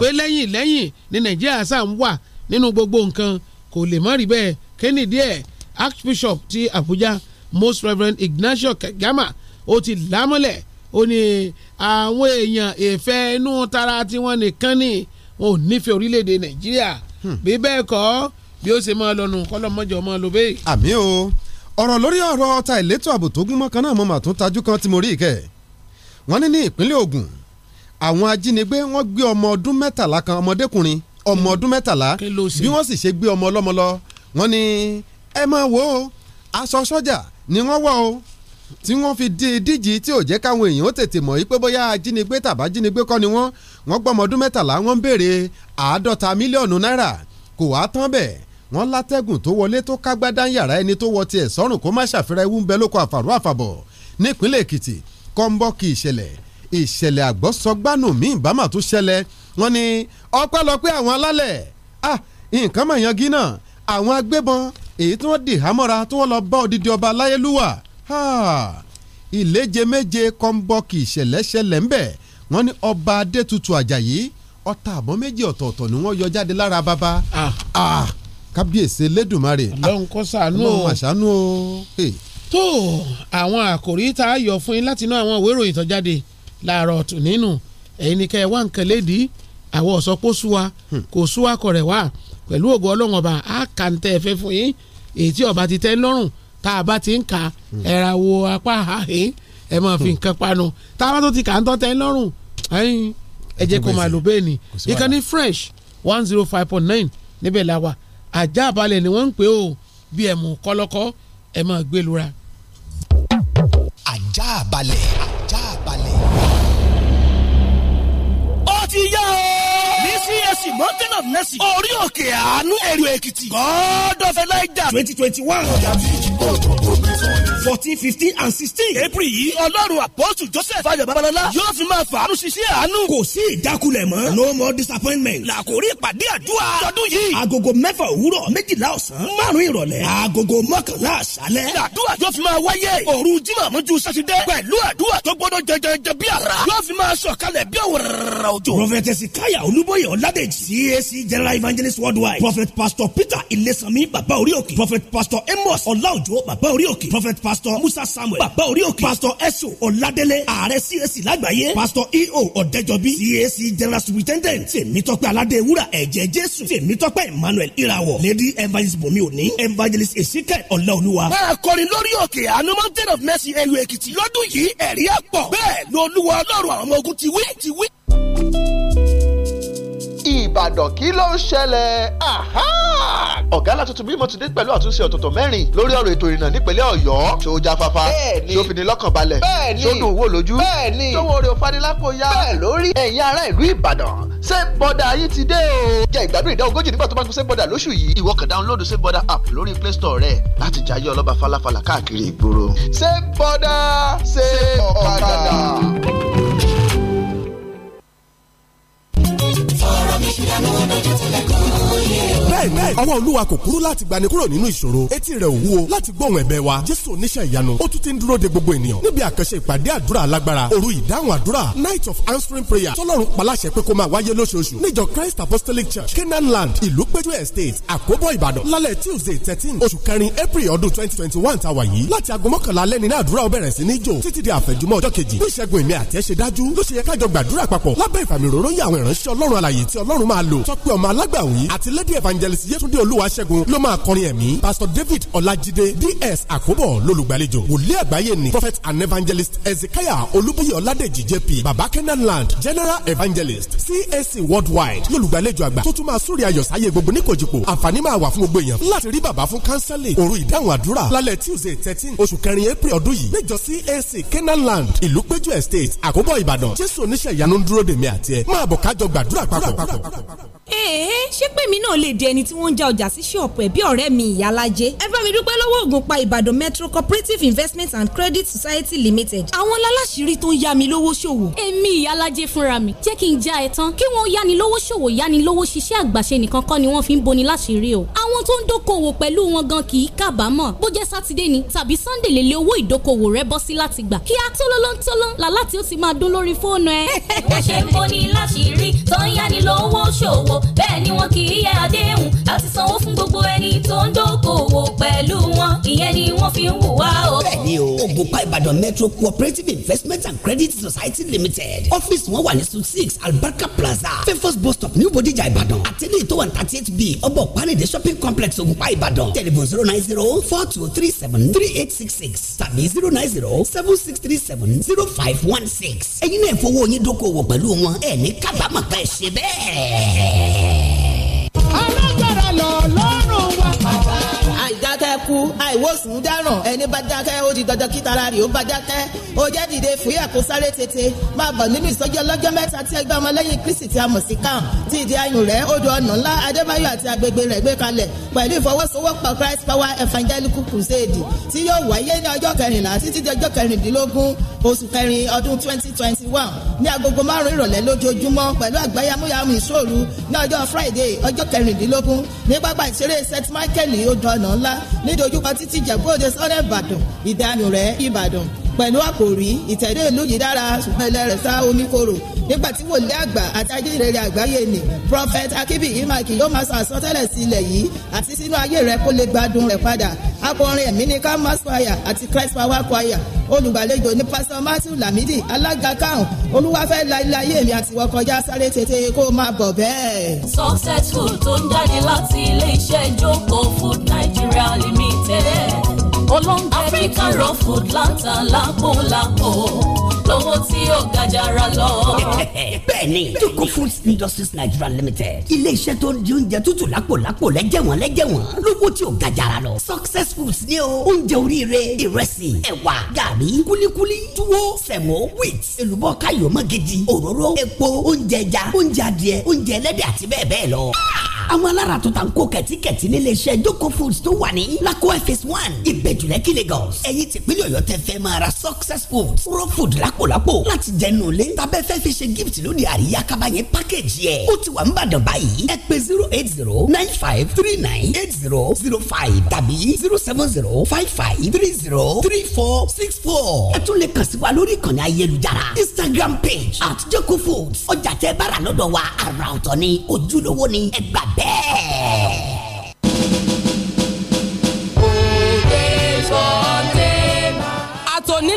pé lẹ́yìn lẹ́yìn ni Nàìjíríà sàn wà nínú gbogbo nǹkan kò lè mọ́ rí bẹ́ẹ̀ kéènì díẹ̀ archbishop ti Àbújá most reverend Ignatius Kagama ó ti lámọ́lẹ̀ ó ní àwọn èèyàn ìfẹ́ inú tara tiwọn nìkan ni wọn ò nífẹ̀ẹ́ orílẹ̀-èdè Nàìjíríà hmm. bí bẹ́ẹ̀ kọ́ bí ó ṣe máa lọ́nu kọ́lọ́mọ́jọ́ máa lo bẹ́ẹ̀. àmì o ọ̀rọ̀ lórí ọ̀rọ̀ ọta ìletò ààbò tó gún mọ́kànnà mo mà tún tajú kan tí mo rí ìkẹ́ wọ́n ní ní ìpínlẹ̀ Ògùn àwọn ajínigbé wọ́n gbé ọmọ ọdún mẹ́tàlá kan ọmọdékùnrin ọmọ hmm. ọdún mẹ́tàlá bí wọ́n sì ṣe gbé ọmọ ọlọ́mọ lọ wọ́n ní ẹ mọ̀ wo aṣọ sọ́jà ni wọ́n wọ̀ o tí wọ́n fi di díjì tí ò jẹ́ káwọn èèyàn ó tètè mọ̀ yìí pé bóyá ajínigbé tàbá jínigbé kọ́ ni wọ́n wọ́n gbọ́ ọmọ ọdún mẹ́tàlá wọ́n ń béèrè àádọ́ta mílíọ̀nù náírà kò wá tán bẹ́ẹ̀ wọ́n látẹ́gùn tó wọlé tó kágbádá ń yàrá ẹni tó wọ tiẹ̀ sọ́rùn kó má ṣàfihàn ewu ń bẹ lóko àfàrọ̀ àfàbọ̀ nípínlẹ̀ Èkìtì kọ́ńbọ́ọ̀kì ìṣẹ̀lẹ̀ ìṣẹ̀lẹ̀ àgbọ̀sọgbánù míì bámà tó ṣẹlẹ̀ wọ́n ní ọpẹ́lọpẹ́ àwọn alálẹ̀ ah nǹkan mọ̀ yangi náà àwọn agbébọn èyí tí wọ́n dì hámọ́ra tí wọ́n lọ bá odidi ọba láyélúwà ìléje méje kọ́ńbọ́ọ̀kì ìṣẹ̀lẹ̀ ṣẹlẹ̀ ńbẹ̀ wọ́n ní ọba adétutù àjàyí ọta àbọ̀n méjì ọ̀tọ̀ọ̀tọ̀ ni wọ́n yọ jáde lára bàbá ah. kábíyèsí elédùnmarè ah, ọlọ́run kó ṣàánú o ọlọ́run àṣánú o. tó àwọn àkòrí tá a yọ fún yín láti inú àwọn ìwé ìròyìn tó jáde láàárọ̀ ọ̀tún nínú ẹ̀yin ni kẹ́ ẹ wá nǹkan lédi àwọn ọ̀sọ́pọ̀ sú hmm. kò sú kọ̀rẹ̀ wá pẹ̀lú ògo ọlọ́run ọba á kà ń tẹ́ ẹ fẹ́ fún yín èyí ọba ti tẹ́ lọ́rùn tá a bá ti ń kà ẹ̀ra wo apá àhín ẹ máa fi nǹkan panu tá a bá tó ti kà ń tọ́ tẹ́ ń lọ́rùn ẹ jẹ́ kó máa lò bẹ́ẹ̀ ni ìkànnì fresh one zero five point nine níbẹ̀ la wà àjà àbálẹ̀ ni wọ́n ń pè ó bí ẹ̀ mú kọ́lọ́kọ́ ẹ̀ máa gbé lura. àjà àbálẹ̀ àjà àbálẹ̀. ó ti yá o CAC mountain of mercy orí òkè àánú èrò èkìtì God of Elijah twenty twenty one fourteen fifteen and sixteen. april yìí ọlọ́run àpọ́tù joseph ayọ̀ babalọ́lá yóò fi máa fàánú ṣiṣẹ́ àánú. kò sí ìdákulẹ̀ mọ́. no more disappointment. làkórí ìpàdé àdúrà tọdún yìí. agogo mẹ́fà òwúrọ̀ méjìlá ọ̀sán márùn-ún ìrọ̀lẹ́. agogo mọ́kànlá àṣálẹ́. àdúrà yóò fi máa wáyé. òru jímọ̀ mọ́jú sátidé. pẹ̀lú àdúrà tó gbọ́dọ̀ jẹjẹrẹ bí ara. yóò fi máa sọ̀kalẹ̀ bí òwúrọ̀rọ̀ òjò. prọfẹtẹsì káyà olúbọyọ ọládẹjì. cac general evangelist worldwide. prophet pastor peter ilesami baba orí òkè. prophet pastor amos ọláòjò baba orí òkè. prophet pastor pastor musa samuel bàbá orí òkè pastor eso ọ̀ladélé ààrẹ cac lágbàáyé pastor eo ọ̀dẹ́jọbí cac general superintendent tèmítọ́pẹ́ aládéwúrà ẹ̀jẹ̀ jésù tèmítọ́pẹ́ emmanuel ìràwọ̀ lady evangelist bomi oni, evangelist ezekiel ọ̀làolúwa. máa kọrin lórí òkè àánú mountain of mercy ẹ̀yọ èkìtì lọ́dún yìí ẹ̀rí ẹ̀ pọ̀ bẹ́ẹ̀ lọ́lúwa ọlọ́run àwọn ọmọ ogun ti wí ti wí. ìbàdàn kí ló ń ṣẹlẹ̀ ọ̀gá alátuntun bímọ ti dé pẹ̀lú àtúnṣe ọ̀tọ̀tọ̀ mẹ́rin lórí ọ̀rọ̀ ètò ìrìnnà nípínlẹ̀ ọ̀yọ́ tó jáfáfá tó fi ni lọ́kàn balẹ̀ tó dùn wò lójú tó wo orí òfanilápò ya lórí ẹ̀yin ará ìlú ìbàdàn ṣé bọ́dà yìí ti dé o. jẹ́ ìgbádùn ìdá ogójì nígbà tó bá ń gbé ṣé bọ́dà lóṣù yìí ìwọ kàn dáńlódù ṣé bọ́dà app lórí play store rẹ láti jayé ọlọ́ba falafala káàkiri ìgboro. ṣé bọ́dà ṣé ọ̀kadà. fọ́ọ̀rọ̀ mi ṣìyànú lójú tilẹ̀ kọ́ bẹ́ẹ̀ni ọwọ́ olúwa kò kúrú láti gbani kúrò nínú ìṣòro etí rẹ̀ ò wúwo láti gbóhùn ẹ̀bẹ̀ wa jésù oníṣẹ́ ìyanu ó tún ti ń dúró de gbogbo ènìyàn níbi àkànṣe ìpàdé àdúrà alágbára òru ìdáhùn àdúrà night of answering prayer tọ́lọ́run paláṣẹ pé kó máa wáyé lóṣooṣù níjọ christ apostolic church canaan land ìlú péjú estate àkóbọ̀ ìbàdàn lálẹ́ tuesday thirteen oṣù kẹrin april ọdún twenty twenty one tàwa yìí láti aago mọ́kànlá lẹ́ni náà àdúrà ó bẹ̀rẹ̀ sí ní jò títí di àfẹ̀jùmọ́ ọjọ́ kejì bí ìṣẹ́gun èmi àti ẹ̀ ṣe dájú ló ṣe yẹ kájọ gbàdúrà papọ̀ lábẹ́ lady evangelist evangelist yetunde olúwaṣẹ́gun ló máa kọrin ẹ̀mí pastor david ọlájídé ds àkóbọ̀ lólùgbàlejò wòlíì àgbáyé ni prophet and evangelist ezekiah olúbúyè ọládèjì jp baba kenanland general evangelist C.S.C. worldwide lólùgbàlejò àgbà tó tún máa súre ayọ̀ sáyé gbogbo níkojúpò àǹfààní máa wà fún gbogbo èèyàn láti rí bàbá fún kánsẹ́lì òru ìdáhùn àdúrà lálẹ́ tuesday thirteen oṣù kẹrin april ọdún yìí níjọ cac kenanland ìlú péjú estate àkóbọ̀ ìbàdàn jésù oníṣẹ́ ìyanu ń dúró dèmi àti ẹ máa bọ̀ kájọ gbàdúrà papọ̀ ee ṣé pé mi náà lè di ẹni tí wọ́n ń ja ọjà sí ṣọ́ọ̀pù ẹ̀ bí ọ̀rẹ́ mi ìyálájé ẹ bá mi dúpẹ́ lọ́wọ́ Ògùnpa Ìbàdàn Metro Cooperative Investment and Credit Society Limited àwọn láláṣìírí tó ń yá mi lówó ṣòwò. èmi ìyálájé fúnra mi jẹ́ kí n já ẹ tán kí wọ́n yáni lówó ṣòwò yáni lówó ṣiṣẹ́ àgbàṣe nìkan kọ́ ni wọ́n fi ń boni láṣìírí o. àwọn tó ń dókòwò pẹ̀lú wọn gan kì í kábàámọ̀ bó sátidé ni tàbí sunday lè lé a tólólóńtóló làlá tí ó ti máa dún lórí fóònù ẹ. <laughs> wọ́n ṣe ń boni láṣìírí tó ń yáni o bẹ́ẹ̀ ni wọn kì í yẹ àdéhùn àti sanwó fún gbogbo ẹni tó ń dókòwò pẹ̀lú wọn ìyẹn ni wọ́n fi ń hùwà o. bẹ́ẹ̀ni o ògùnpá ìbàdàn metro cooperative investment and credit society limited ọ́fíìsì wọn wà ní su six albarka plaza fefos bus stop new bodija ìbàdàn àtẹlẹ tó wà ní thirty eight b ọbọ panade shopping complex ògùnpá ìbàdàn tẹlifon zero nine zero four two three seven three eight six six tàbí zero nine zero seven six three seven zero five one six ẹ̀yin náà fowó yín dókòwò pẹ̀lú wọn ẹ̀ ní kábàámọ̀ ẹ̀ ṣe bẹ́ẹ̀ alágbára lọ lọ́rùn wa. bàbá wa àìdákẹ́ kú àìwòsùn dáràn ẹni bá dákẹ́ ó di dandan kí tara rè ó bá dákẹ́ ó jẹ́ dìde fúyà kó sáré tètè máa bọ̀ nínú ìsọjí ọlọ́jọ́ mẹ́ta tí ẹgbẹ́ ọmọlẹ́yìn kristi ti a mọ̀ sí kan ti ìdí ayùn rẹ̀ odò ọ̀nà ńlá adébáyọ̀ àti agbègbè rẹ̀ gbé kalẹ̀ pẹ̀lú ìfọwọ́sowọ́pọ̀ christ power evangelical crusade tí yóò wáyé ní ọjọ́ kẹrìnlá títí di ọjọ́ kẹrìndínlógún oṣù kẹrin ọdún twenty twenty one ní agogo márùn ìrọ̀lẹ́ lójoojúmọ́ pẹ̀lú àgbáyámúyámú ìṣòru ní ọjọ́ friday ọjọ́ kẹrìndínlógún ní pápá ìṣeré st michael odò ọ̀nà ńlá nídojúkọ títí jẹ̀bú òde sọ́dẹ̀ ìbàdàn ìdánù rẹ̀ ìbàdàn pẹ̀lú àkòrí ìtẹ̀dé ìlú yìí dára ṣùgbọ́n ilẹ̀ sá omi nígbà tí wòlíì àgbà àti ajínrere àgbáyé ni prophet akibi imaki yóò máa sọ àsọtẹ́lẹ̀ sí ilẹ̀ yìí àti sínú ayé rẹ̀ kó lè gbádùn rẹ̀ padà akọrin ẹ̀mí ni camas choir àti christ power choir olùgbàlejò ni pastor matthew lamidi alága káhùn olúwafẹ́ láyé mi àti wọkọjá sáré tètè kó máa bọ̀ bẹ́ẹ̀. successful tó ń jáde láti ilé iṣẹ́ jókòó food nigeria limited olóńgbẹ African raw food láta lápò lápò lówó tí ó ga jara lọ. <laughs> bẹ́ẹ̀ni joko foods industries nigeria limited iléeṣẹ́ tó ń di oúnjẹ tútù lápòlápò lẹ́jẹ̀wọ̀n lẹ́jẹ̀wọ̀n lówó tí ó ga jara lọ. success foods ni o oúnjẹ oríire ìrẹsì ẹ̀wà gàrí kúlíkúlí túwó sẹ̀mó wheat èlùbọ́ káyọ̀ mọ́gidi òróró epo oúnjẹ ẹja oúnjẹ adìẹ oúnjẹ ẹlẹ́dẹ̀ àti bẹ́ẹ̀ bẹ́ẹ̀ lọ. àwọn alára tó ta ń kó kẹ̀tíkẹ̀tí níléeṣẹ́ joko foods tó wà ní lakowa phase one ìbẹ̀jùlẹ̀ kí Lagos ẹ̀yin tìpínlẹ̀ ọ̀yọ́ tẹ fẹ́ máa ra success foods raw food lak lápò lápò láti jẹnu lé tàbẹ́ fẹ́ fi ṣe gift lóde àríyá kaba yẹn package yẹ ó ti wà ń bàdàn báyìí ẹ pè zero eight zero nine five three nine eight zero zero five tàbí zero seven zero five five three zero three four six four ẹ tún lè kàn sí wa lórí ìkànnì ayélujára instagram page at joko foods ọjà tẹ bára lọ́dọ̀ wa àrà ọ̀tọ̀ ni ojúlówó ni ẹ gbà bẹ́ẹ̀.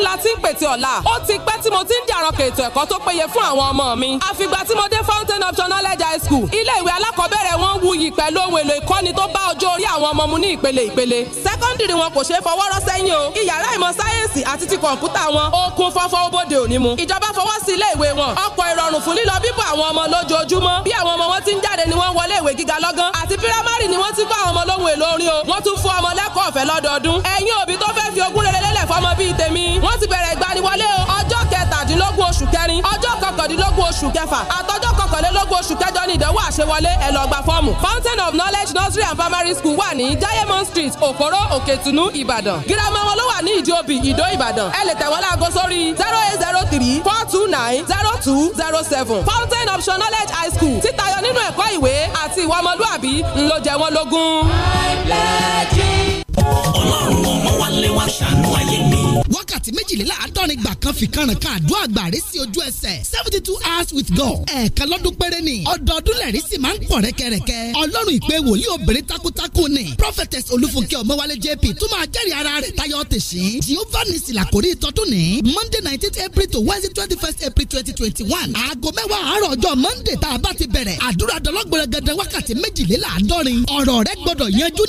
kí la ti ń pètè ọ̀la ó ti pẹ́ tí mo ti ń dàrọ̀kẹ̀ ètò ẹ̀kọ́ tó péye fún àwọn ọmọ mi àfìgbà tí mo dé Fountain of Knowledge High School ilé ìwé alákọ̀ọ́bẹ̀rẹ̀ wọn wuyì pẹ̀lú ohun èlò ìkọ́ni tó bá ọjọ́ orí àwọn ọmọ mu ní ìpele ìpele sẹ́kọ́ndìrì wọn kò ṣeé fọwọ́rọ́ sẹ́yìn o ìyàrá ìmọ̀ sáyẹ́ǹsì àti ti kọ̀ǹpútà wọn ó kún fọ́fọ́ òní mu ìjọba fọwọ́ sí ilé ìwé wọn ọ̀pọ̀ ìrọ̀rùn fún lílọ bíbọ̀ àwọn ọmọ lójoojúmọ́ bí àwọn ọmọ wọn ti ń jáde ni wọ́n wọlé ìwé gíga lọ́gán àti pírámàrì ni wọ́n ti kọ́ àwọn ọmọ lóhun èlò orin o wọ́n tún fún ọmọ lẹ́kọ̀ọ́ ọ̀fẹ́ lọ́dọọdún ẹ̀yin òbí tó fẹ́ fi ogún rere fọmọ bíi tèmi wọ́n ti bẹ̀rẹ̀ ìgbaniwọlé o ọjọ́ kẹtàdínlógún oṣù kẹrin ọjọ́ kọkàndínlógún oṣù kẹfà àtọjọ́ kọkànlélógún oṣù kẹjọ ní ìdánwò àṣewọlé ẹ lọ fọ́ọ̀mù fountain of knowledge nursery and primary school wà ní diamond street òkòrò òkètùnú ìbàdàn girama wọn ló wà ní ìdíòbì ìdó ìbàdàn ẹ lè tẹ̀wọ́n láago sórí zero eight zero three four two nine zero two zero seven fountain option knowledge high school títayọ nínú ẹ̀kọ́ ìwé àti ìwà ọmọlúàbí ńlọ jẹ wọn lógún. I pledge you ọlọ́run ọmọ wa lé wa ṣàánú ayé mi. wákàtí méjìléláàádọ́rin gbà kan fi kànràn ká àdúrà gbàrí sí ojú ẹsẹ̀ seventy two hours with God ẹ̀ẹ̀kan lọ́dún péré ni ọdọọdún lẹ́rìí sì máa ń pọ̀ rẹ́kẹrẹ́kẹ́ ọlọ́run ìpè wòlíì obìnrin takuntakun ni prophetess olúfúnkẹ́ ọmọwálé jp tó máa jẹ́rìí ara rẹ̀ tayọ tẹ̀sí jehovah nisi làkórí tọdún ní monday nineteen april to wednesday twenty first april twenty twenty one aago mẹ́wàá àárọ̀ ọjọ́ monday tá a bá ti bẹ̀rẹ̀ àdúrà dọ́lọ́gbọ̀rẹ̀ gẹ̀dẹ̀ wákàtí méjìléláàádọ́rin ọ̀rọ̀ rẹ gbọ́dọ̀ yanjú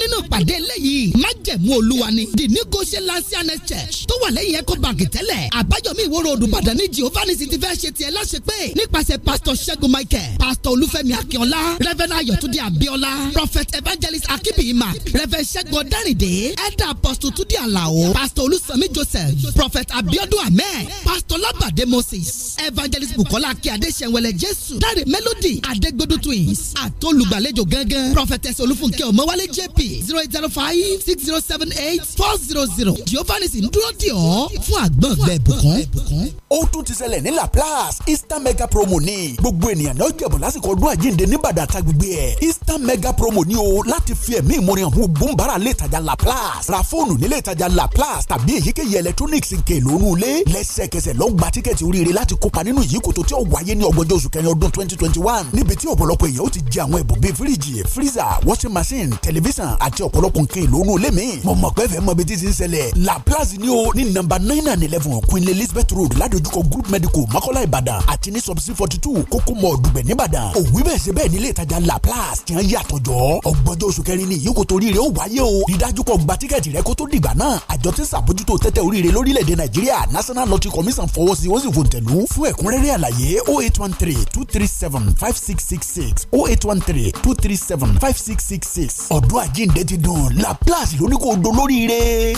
májẹ̀mú olúwa ni the negotiation lancianes church tó wà lẹ́yìn ẹ̀kọ́ bàǹkì tẹ́lẹ̀ àbáyọ̀mí ìwòrò olùbàdàn ní jehovah ní ti fẹ́ ṣe tiẹ̀ láṣẹ pé nípasẹ̀ pastor ṣẹ́gun michael pastor olúfẹ́mi akínọlá reverend ayọ̀túndé Abiola. prophet evangelist akínbíyìmá reverend ṣẹ́gun ọ̀dẹ́rìndé elder apostle túndé àlàó pastor olùsànmí joseph prophet abiodun ahmed pastor labade moses evangelist bukola akíade ṣẹ̀wẹ̀lẹ̀ jésù dáre melody adegbodu twins àtolùgbàlejò gángan prophetess olúfúnkẹ́ ọmọwálé jp zero eight zero five six zero seven eight four zero zero giovannis in dúró di ọ́ fún àgbọ̀ngbẹ bùkún. ó tún ti ṣẹlẹ̀ ní laplace easter mega promo ní gbogbo ènìyàn náà jẹ̀bọ̀ lásìkò ọdún àjíǹde ní Ìbàdàn àtàgbègbè ẹ̀ easter mega promo ní o láti fi ẹ̀mí ìmọ̀ràn hàn gbóǹbàrà lè tajà laplace ra fóònù nílé ìtajà laplace tàbí èyíkéyìí electronics nke lónú ilé lẹ́sẹ̀kẹsẹ̀ ló ń gba tíkẹ́ẹ̀tì oríire láti kópa nínú ìyíkòtò tí ó wáyé ní ọgbọ̀njọ́ oṣù kẹrin ọdún twenty twenty one níbi tí ọ̀pọ̀lọpọ̀ èèyàn ó ti jẹ freezer washing machine tẹlifíṣàn àti ọ̀pọ̀lọpọ̀ nke ìpàdé mi mo mọ̀ pé fẹ́ mọ ibi ti ń la plaza ni o ní nọ́mbà nine and eleven Queen Elizabeth road ládojúkọ group medical Makola Ìbàdàn àti ní sub c forty two kókó mọ̀ Dùgbẹ̀ nìbàdàn òwì bẹ́ẹ̀ ṣe bẹ́ẹ̀ nílé ìtajà la plaza tí wọ́n yàtọ̀ jọ ọgbọ́njọ́ oṣù kẹrin ni yìí kò torí rẹ̀ ó wáyé o ìdájú kọ gba tíkẹ́ẹ̀tì rẹ kó tó dìgbà náà àjọ tí ń ṣàbójútó tẹ́tẹ́ oríire lórílẹ̀‐èdè Nàìjíríà National Lottery Commission fọwọ́ sí ó sì fòǹtẹ̀lú fún ẹ̀kúnrẹ́rẹ́ àlàyé oh eight one three two three seven five six six six oh eight one three two three seven five six six six ọ̀dọ́ àjíǹde ti dùn la place lóní kò dolóríire.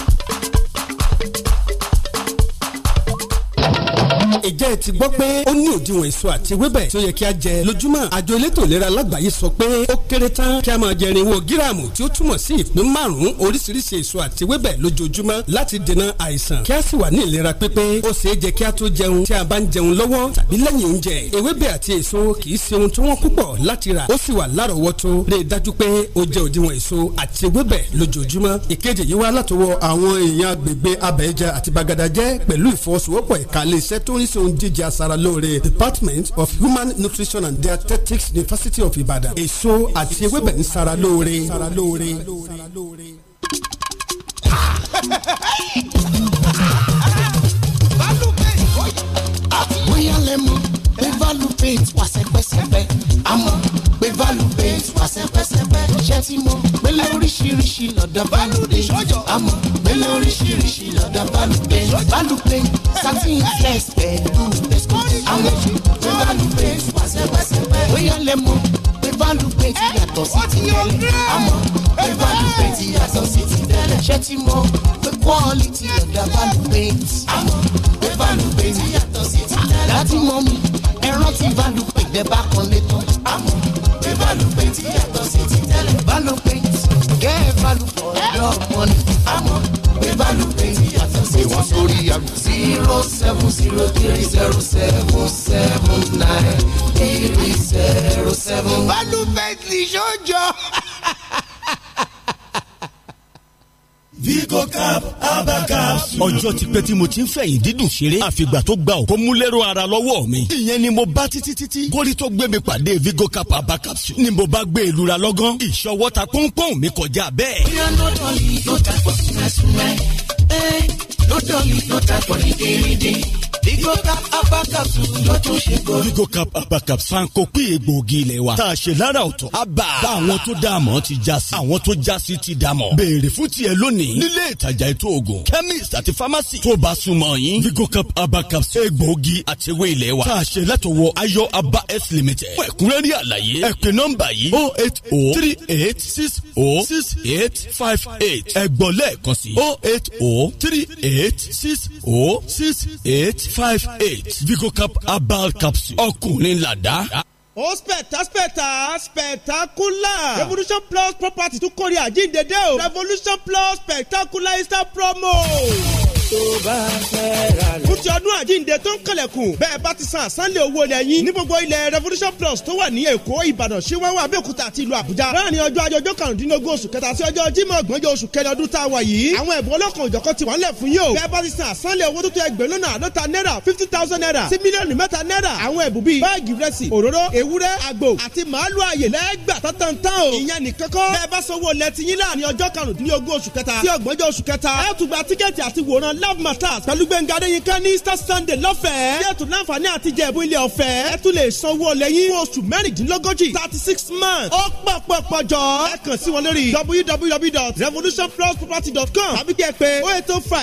ẹ̀jẹ̀ ti gbọ́ pé ó ní òdiwọ̀n èso àti ewébẹ̀ tó yẹ kí a jẹ lójúmọ́ àjọ elétò ìlera lágbàáyé sọ pé ó kéré tán kí a máa jẹ irinwó gíráàmù tí ó túmọ̀ sí ìpín márùn-ún oríṣiríṣi èso àti ewébẹ̀ lójoojúmọ́ láti dènà àìsàn kí a sì wà ní ìlera pípé ó ṣe é jẹ kí a tó jẹun tí a bá ń jẹun lọ́wọ́ tàbí lẹ́yìn oúnjẹ ewébẹ̀ àti èso kì í ṣe ohun tí wọ́n púpọ̀ láti rà ó sì wà lárọ̀ọ́wọ́tó rí i dájú pé ó jẹ òdiwọ̀n èso àti ewébẹ̀ lójoojúmọ́ ìkéde yìí wá látọwọ́ àwọn èèyàn agbègbè abẹ́ẹ̀já àti bagada jẹ́ pẹ̀lú ìfọwọ́sowọ́pọ̀ ìkàlẹ̀ tó ń pèsè oúnjẹ jíjẹ department of human nutrition and dietetics university of ibadan èso àti ewébẹ̀ ń ṣara lóore. bóyá sẹ́pẹ́sẹ́pẹ́ iṣẹ́ tí mo gbélé oríṣiríṣi lọ́dọ̀ balùdé àmọ́ gbélé oríṣiríṣi lọ́dọ̀ balùdé balùdé satin flex pẹ̀lú àwọn ìwé balùdé wà sẹ́pẹ́sẹ́pẹ́ bóyá lẹ mọ̀ pé balùdé ti yàtọ̀ sí ti tẹ́lẹ̀ àmọ́ pé balùdé ti yàtọ̀ sí ti tẹ́lẹ̀ iṣẹ́ tí mo pé quality lọ́dọ̀ balùdé àmọ́ pé balùdé ti yàtọ̀ sí ti tẹ́lẹ̀ láti mọ mi ẹran ti balùdé gbẹ bá kan lé tán balùwẹ̀ tí yàtọ̀ sí ti tẹ́lẹ̀ balùwẹ̀ gẹ́ balùwẹ̀ lọ́pọ̀ ni àmọ́ pé balùwẹ̀ tí yàtọ̀ sí ti tẹ́lẹ̀ sórí àmì. zero seven zero three zero seven seven nine three zero seven. balùwẹ̀ tí sọ́jọ́. <laughs> Vigo cap abacap. ọjọ́ ti pẹ́ tí mo ti ń fẹ̀yìn dídùn ṣeré àfìgbà tó gbà ó kó mú lérò ara lọ́wọ́ mi. ìyẹn ni mo bá títí títí kórí tó gbé mi pàdé Vigo cap abacap ni mo bá gbé ìlura lọ́gán ìṣọwọ́ ta pọ́npọ́n mi kọjá bẹ́ẹ̀. bí ọ̀nà tọ́lì yóò ta pọ̀ síra síra ẹ̀ lọ́dọ̀ọ̀lì yóò ta pọ̀ ní déédéé Bigo Cap Herbal Capsule ló tún ṣe kó. Cap Herbal Capsule sankopin egbòogi ilẹ̀ wa. Tá a ṣe lára ọ̀tọ̀. Àbá àwọn tó dá àmọ́ ti já sí. Àwọn tó já sí ti dá mọ̀. Béèrè fún tiẹ̀ lónìí. Nílé ìtajà ètò oògùn. Chemist àti pharmacy. Tó bá súnmọ́ yín. Bigo Cap Herbal Capsule egbòogi àtiwé ilẹ̀ wa. Tá a ṣe látọwọ́ Ayọ̀ Abba S Limited. Fún ẹ̀kúnrẹ́rẹ́ àlàyé. Ẹ pe nọ́mbà yìí. O oh eight o oh three eight six o oh six eight five eight. Ẹ gbọ́ lẹ́ẹ̀kan sí. O eight o three eight six o six eight five eight Vicocap herbal capsule ọkùnrin làdá ó oh, spẹ̀tà spẹ̀tà spectacular revolution plus property tún kórè àjíǹde dé o revolution plus spectacular easter promo tó bá fẹ́ ra lẹ̀. fún ti ọdún àjíǹde tó ń kẹlẹ̀kùn bẹ́ẹ̀ bá ti san àsánlẹ̀ owó ilẹ̀ yín ní gbogbo ilẹ̀ revolution plus tó wà ní èkó ìbàdàn ṣíwáwá abẹ́òkúta àti ìlú àbújá láàrin ọjọ́ ajọjọ́ karùndínlógún oṣù kẹta sí ọjọ́ jímọ̀ ọgbọ̀njọ́ oṣù kẹrin ọdún tá a wà yìí àwọn ẹ̀bùn ọlọ́kan òjọ̀kan ti wà ńlẹ̀ fún yóò bẹ́ẹ̀ bá ti san àsánlẹ̀ owó tó tó ẹgbẹ̀rún lọ́nà àádọ́ta náírà fifty thousand naira sí mílíọ̀nù mẹ́ta náírà àwọn ẹ̀bùn bíi báàgì rẹsì òróró ewúrẹ́ àgbò àti màálù ààyè lẹ́gbà tán tán o ìyẹn nìkan kọ́ bẹ́ẹ̀ bá sanwó lẹ́tìyín láàrin ọjọ́ karùndínlógún oṣù kẹta sí ọgbọ̀njọ́ oṣù kẹta ẹ̀ tún gba tíkẹ́ẹ̀tì àti wòran love matters pẹ̀lú gbẹ̀ngà adéyínká ní easter sunday lọ́fẹ̀ẹ́ yẹ́ tún láǹfààní àti jẹ̀bú ilé ọ̀fẹ́ ẹ tún lè san owó ọlẹ́ yín fún oṣù mẹ́rìndínlógójì thirty six months ó pọ̀ pọ̀ pọ̀ jọ ẹ kàn sí wọn lórí www.revolutionplusproperty.com tàbí kí ẹ pé oh eight oh five